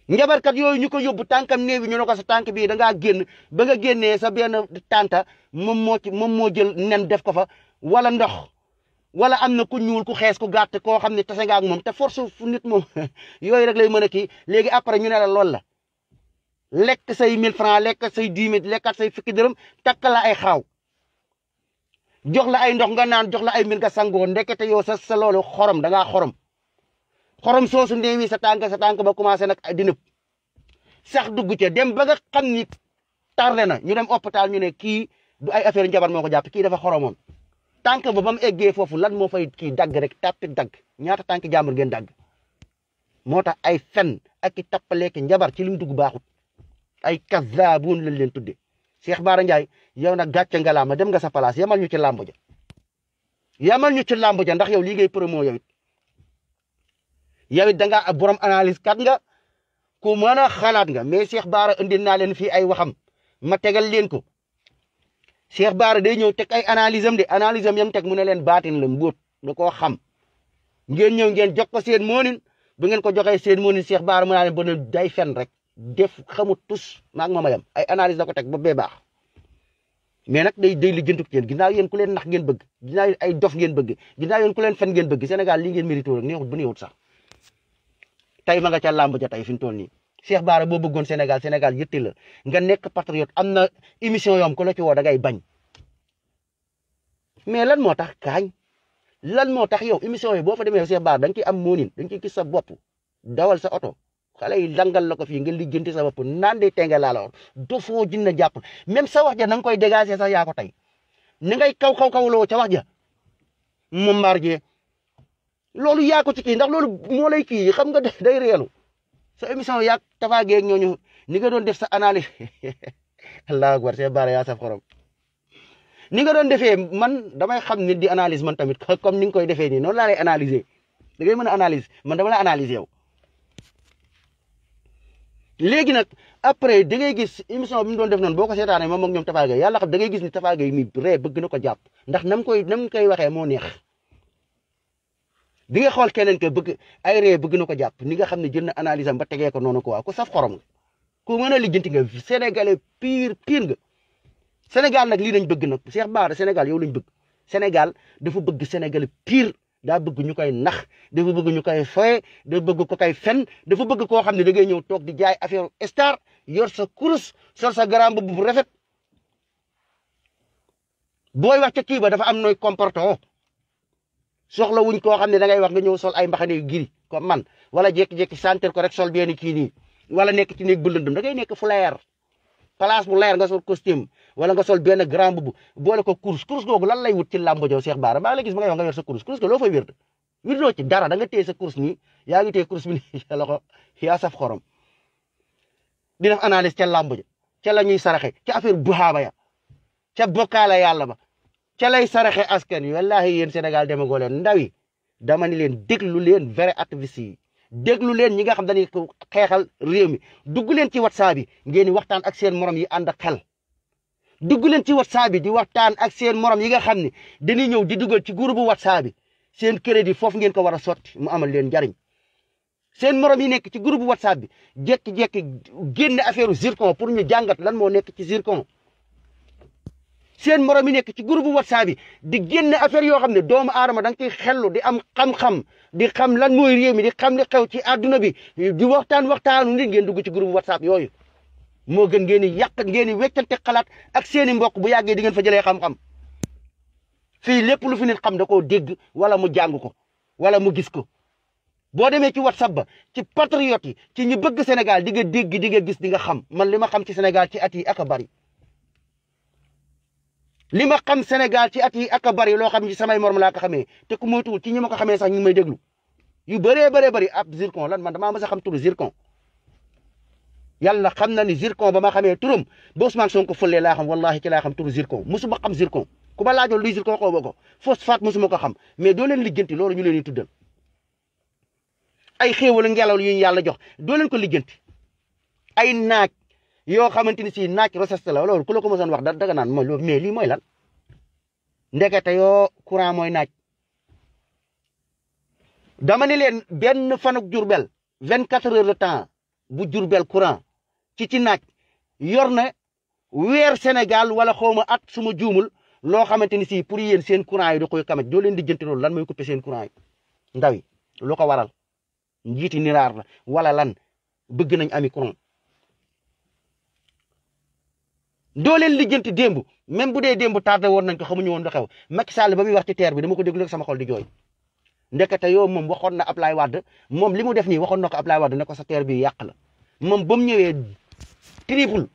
njabarkat yooyu ñu ko yóbbu tànkam néew ñu ne ko sa tànk bii dangaa génn ba nga génnee sa benn tànta moom moo ci moom moo jël nen def ko fa wala ndox wala am na ku ñuul ku xees ku gàtt koo xam ni tase nga ak moom te force fu nit moom yooyu rek lay mën a kii léegi après ñu ne la lool la lekk say 1000 francs lekk say 10 000 lekkat say fukki dërëm takk la ay xaaw jox la ay ndox nga naan jox la ay mil nga sangoo ndekete yow sa sa loolu xorom dangaa xorom. xorom soosu ndeewi sa tànk sa tànk ba commencé nag di nëb sax dugg ca dem ba nga xam ni tardé na ñu dem hôpital ñu ne kii du ay affaire njabar moo ko jàpp kii dafa xoromoon tànk ba ba eggee foofu lan moo fay kii dagg rek tàppi dagg ñaata tànk jàmbur gen dagg moo tax ay fen akki i tappaleeki njabar ci li mu dugg baaxut ay kazaabun lañ leen tudde Cheikh Bara Ndiaye yow na gàcce nga ma dem nga sa place yamal ñu ci làmb ja yamal ñu ci làmb ndax yow lii ngay promo yow it yow it da nga borom analyse kat nga ku mën a xalaat nga mais Cheikh Baara indil naa leen fii ay waxam ma tegal leen ko Cheikh Baara day ñëw teg ay analyse de analyse am yam teg mu ne leen baatin la mbóot da koo xam ngeen ñëw ngeen jox ko seen moonin bu ngeen ko joxee seen moonin Cheikh Baara mu naa leen ba fen rek def xamut tus maag ma ma ay analyse la ko teg ba bee baax mais nag day day li jëntuk yéen ginnaaw yéen ku leen nax ngeen bëgg ginnaaw ay dof ngeen bëgg ginnaaw yéen ku leen fen ngeen bëgg Sénégal sax tey ma nga ca làmb ja tey fi mu toll nii Cheikh Bara boo bëggoon Sénégal Sénégal yëtti la nga nekk patriote am na émission yoom ko la ci woo da ngay bañ mais lan moo tax kaañ lan moo tax yow émission yi boo fa demee Cheikh Bara da nga am moonin da nga ciy gis sa bopp dawal sa oto xale yi dangal la ko fii nga lijjanti sa bopp naan de tenge laa la war dofoo jinna jàpp même sa wax ja na nga koy dégager sax yaa ko tey ni ngay kaw kaw kaw loo ca wax ja moom Mbarjé loolu yaa ko ci kii ndax loolu moo lay kii xam nga day reelu sa émission yak Tafa Gueye ñooñu ni nga doon def sa analis allahu akbar seen baara yaa saf xorom ni nga doon defee man dama xam nit di analyse man tamit comme ni nga koy defee nii noonu laa lay analyser da mën a man dama la analyser yow. léegi nag après da ngay gis émission bi mu doon def noonu boo ko seetaanee moom ak ñoom Tafa Gueye yàlla gis ni Tafa mi ree bëgg ko jàpp ndax nam koy nam koy waxee moo neex. bi nga xool keneen ko bëgg ay ree bëgg na ko jàpp ni nga xam ne jël na ba tegee ko noonu quoi ko saf xorom nga ku mën a lijjanti nga sénégalais pire pire nga Sénégal nag lii lañ bëgg nag Cheikh Bara Sénégal yow lañ bëgg Sénégal dafa bëgg sénégalais pire daa bëgg ñu koy nax dafa bëgg ñu koy foye dafa bëgg ko koy fen dafa bëgg koo xam ne da ngay ñëw toog di jaay affaire star yor sa kurus sol sa garam bu rafet booy wax ca ba dafa am nooy comportement soxla wuñ koo xam ne da ngay wax nga ñëw sol ay mbaxane yu giri ko man wala jékki-jékki santel ko rek sol benn kii nii wala nekk ci néeg bu lëndëm da ngay nekk fu leer place bu leer nga sol costume wala nga sol benn grand bubu boole ko course course googu lan lay wut ci làmb jow Cheikh Bara maa ngi lay gis ma nga yow nga yor sa course course ko loo fay wér wirdoo ci dara da nga téye sa course nii yaa ngi téye course bi nii sa loxo yaa saf xorom di def analyse ca làmb ja la ñuy saraxe ca affaire buhaaba ya ca bokkaale yàlla ba ca lay saraxe askan wi wallahi yéen Sénégal demagoo leen ndaw yi ni leen déglu leen vrai activiste yi déglu leen ñi nga xam dañuy xeexal réew mi dugg leen ci whatsapp bi ngeen waxtaan ak seen morom yi ànd xel. dugg leen ci whatsapp bi waxtaan ak seen morom yi nga xam ne dañuy ñëw di dugal ci groupe whatsapp bi seen crédit foofu ngeen ko war a sotti mu amal leen njariñ seen morom yi nekk ci groupe whatsapp bi jékki-jékki génne affaire zircon pour ñu jàngat lan moo nekk ci zircon. seen morom yi nekk ci groupe whatsapp yi di génne affaire yoo xam ne doomu aadama da nga ciy di am xam-xam di xam lan mooy réew mi di xam li xew ci àdduna bi di waxtaan waxtaanu nit ngeen dugg ci groupe whatsapp yooyu moo gën ngeen di yàq ngeen di weccante xalaat ak seeni mbokk bu yàggee di ngeen fa jëlee xam-xam fii lépp lu fi nit xam da koo dégg wala mu jàng ko wala mu gis ko boo demee ci whatsapp ba ci yi ci ñi bëgg Sénégal di dégg di nga gis di nga xam man li ma xam ci senegal ci at yi ak bari li ma xam Sénégal ti at ak a bari loo xam ci samay morom laa ko xamee te ku moytuwul ci ñi ma ko xamee sax ñu ngi may déglu yu bëree bëree bëri ab zircon lan man damaa mës a xam turu zircon yàlla xam na ni zircon ba ma xamee turam ba Ousmane Sonko fëlee laa xam wallahi ci laa xam turu zircon mosuma xam zircon ku ma laajoon luy ko xaw ma ko phosphate mosuma ko xam mais doo leen lijjanti loolu ñu leen di tuddal ay xéewal ngelaw yu ñu yàlla jox doo leen ko lijjanti ay naaj yoo xamante ni si naaj recette la loolu ku la ko mosoon wax da daga naan mooy loolu mais lii lan ndekete yoo courant mooy naaj dama ni leen benn fanuk Jurbel vingt quatre heures de temps bu Jurbel courant ci ci naaj yor na weer Sénégal wala xaw ma at su ma juumul loo xamante ni si pour yéen seen courant yi da koy kamet doo leen di jënte loolu lan mooy coupé seen courant yi ndaw yi lu ko waral njiiti niraar la wala lan bëgg nañ ami courant doo leen lijjanti démb même bu dee démb tardé woon nañ ko xamuñu woon lu xew Macky Sall ba muy wax ci terre bi dama ko déglu rek sama xol di jooy ndekete yoo moom waxoon na Ablaye Wade moom li mu def nii waxoon na ko Ablaye Wade ko sa terre bi yàq la moom ba mu ñëwee triple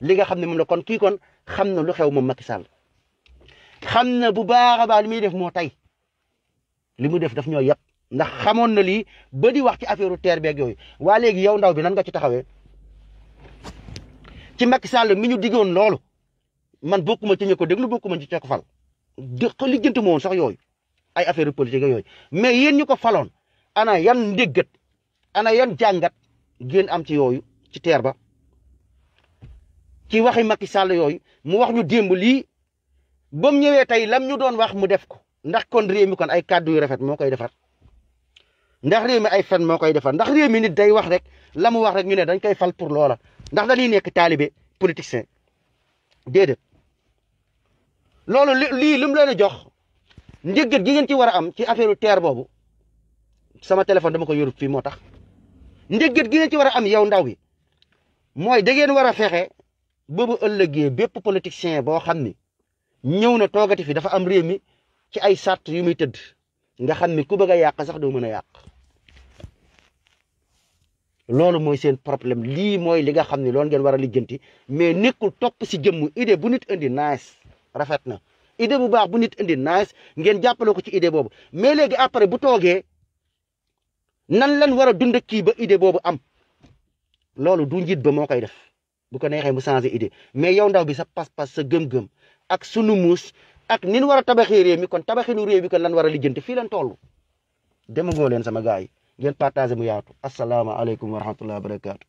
li nga xam ne moom la kon kii kon xam na lu xew moom Macky Sall xam na bu baax a baax muy def moo tey li mu def daf ñoo yàpp ndax xamoon na li ba di wax ci affaire terre beeg yooyu waa léegi yow ndaw bi nan nga ci taxawee. ci Macky Sall mi ñu diggoon loolu man bokkuma ci ñu ko déglu bokkuma ci ko fal de ko lijjanti ma sax yooyu ay affaire politique yooyu mais yéen ñu ko faloon ana yan ndéggat ana yan jàngat ngeen am ci yooyu ci teer ba ci waxi Macky Sall yooyu mu wax ñu démb lii ba mu ñëwee tey lam ñu doon wax mu def ko ndax kon réew kon ay kàddu yu rafet moo koy defar ndax réew mi ay fen moo koy defar ndax réew mi day wax rek la mu wax rek ñu ne dañ koy fal pour loola ndax dañuy nekk taalibe politicien déedéet loolu lii li mu leen a jox njëggat gi ngeen ci war a am ci affaire terre boobu sama téléphone dama ko yorut fii moo tax njëggat gi ngeen ci war a am yow ndaw yi mooy da ngeen war a fexe boobu ëllëgee bépp politicien boo xam ni ñëw na toogati fi dafa am réew mi ci ay sart yu muy tëdd nga xam ni ku bëgg a yàq sax doo mën a yàq. loolu mooy seen problème lii mooy li nga xam ni loolu ngeen war a lijjanti mais nekkul topp si jëmm idée bu nit indi nice rafet na idée bu baax bu nit indi nice ngeen jàppale ko ci idée boobu mais léegi après bu toogee nan lan war a dund kii ba idée boobu am loolu du njiit ba moo koy def bu ko neexee mu changer idée mais yow ndaw bi sa pas-pas sa gëm-gëm ak sunu muus ak nin war a tabaxee réew mi kon tabaxinu réew mi kon lan war a lijjanti fii lan toll demagoo leen sama yi ngeen partagé mu yaatu asalaamaaleykum wa rahmatulah wa barakaatu.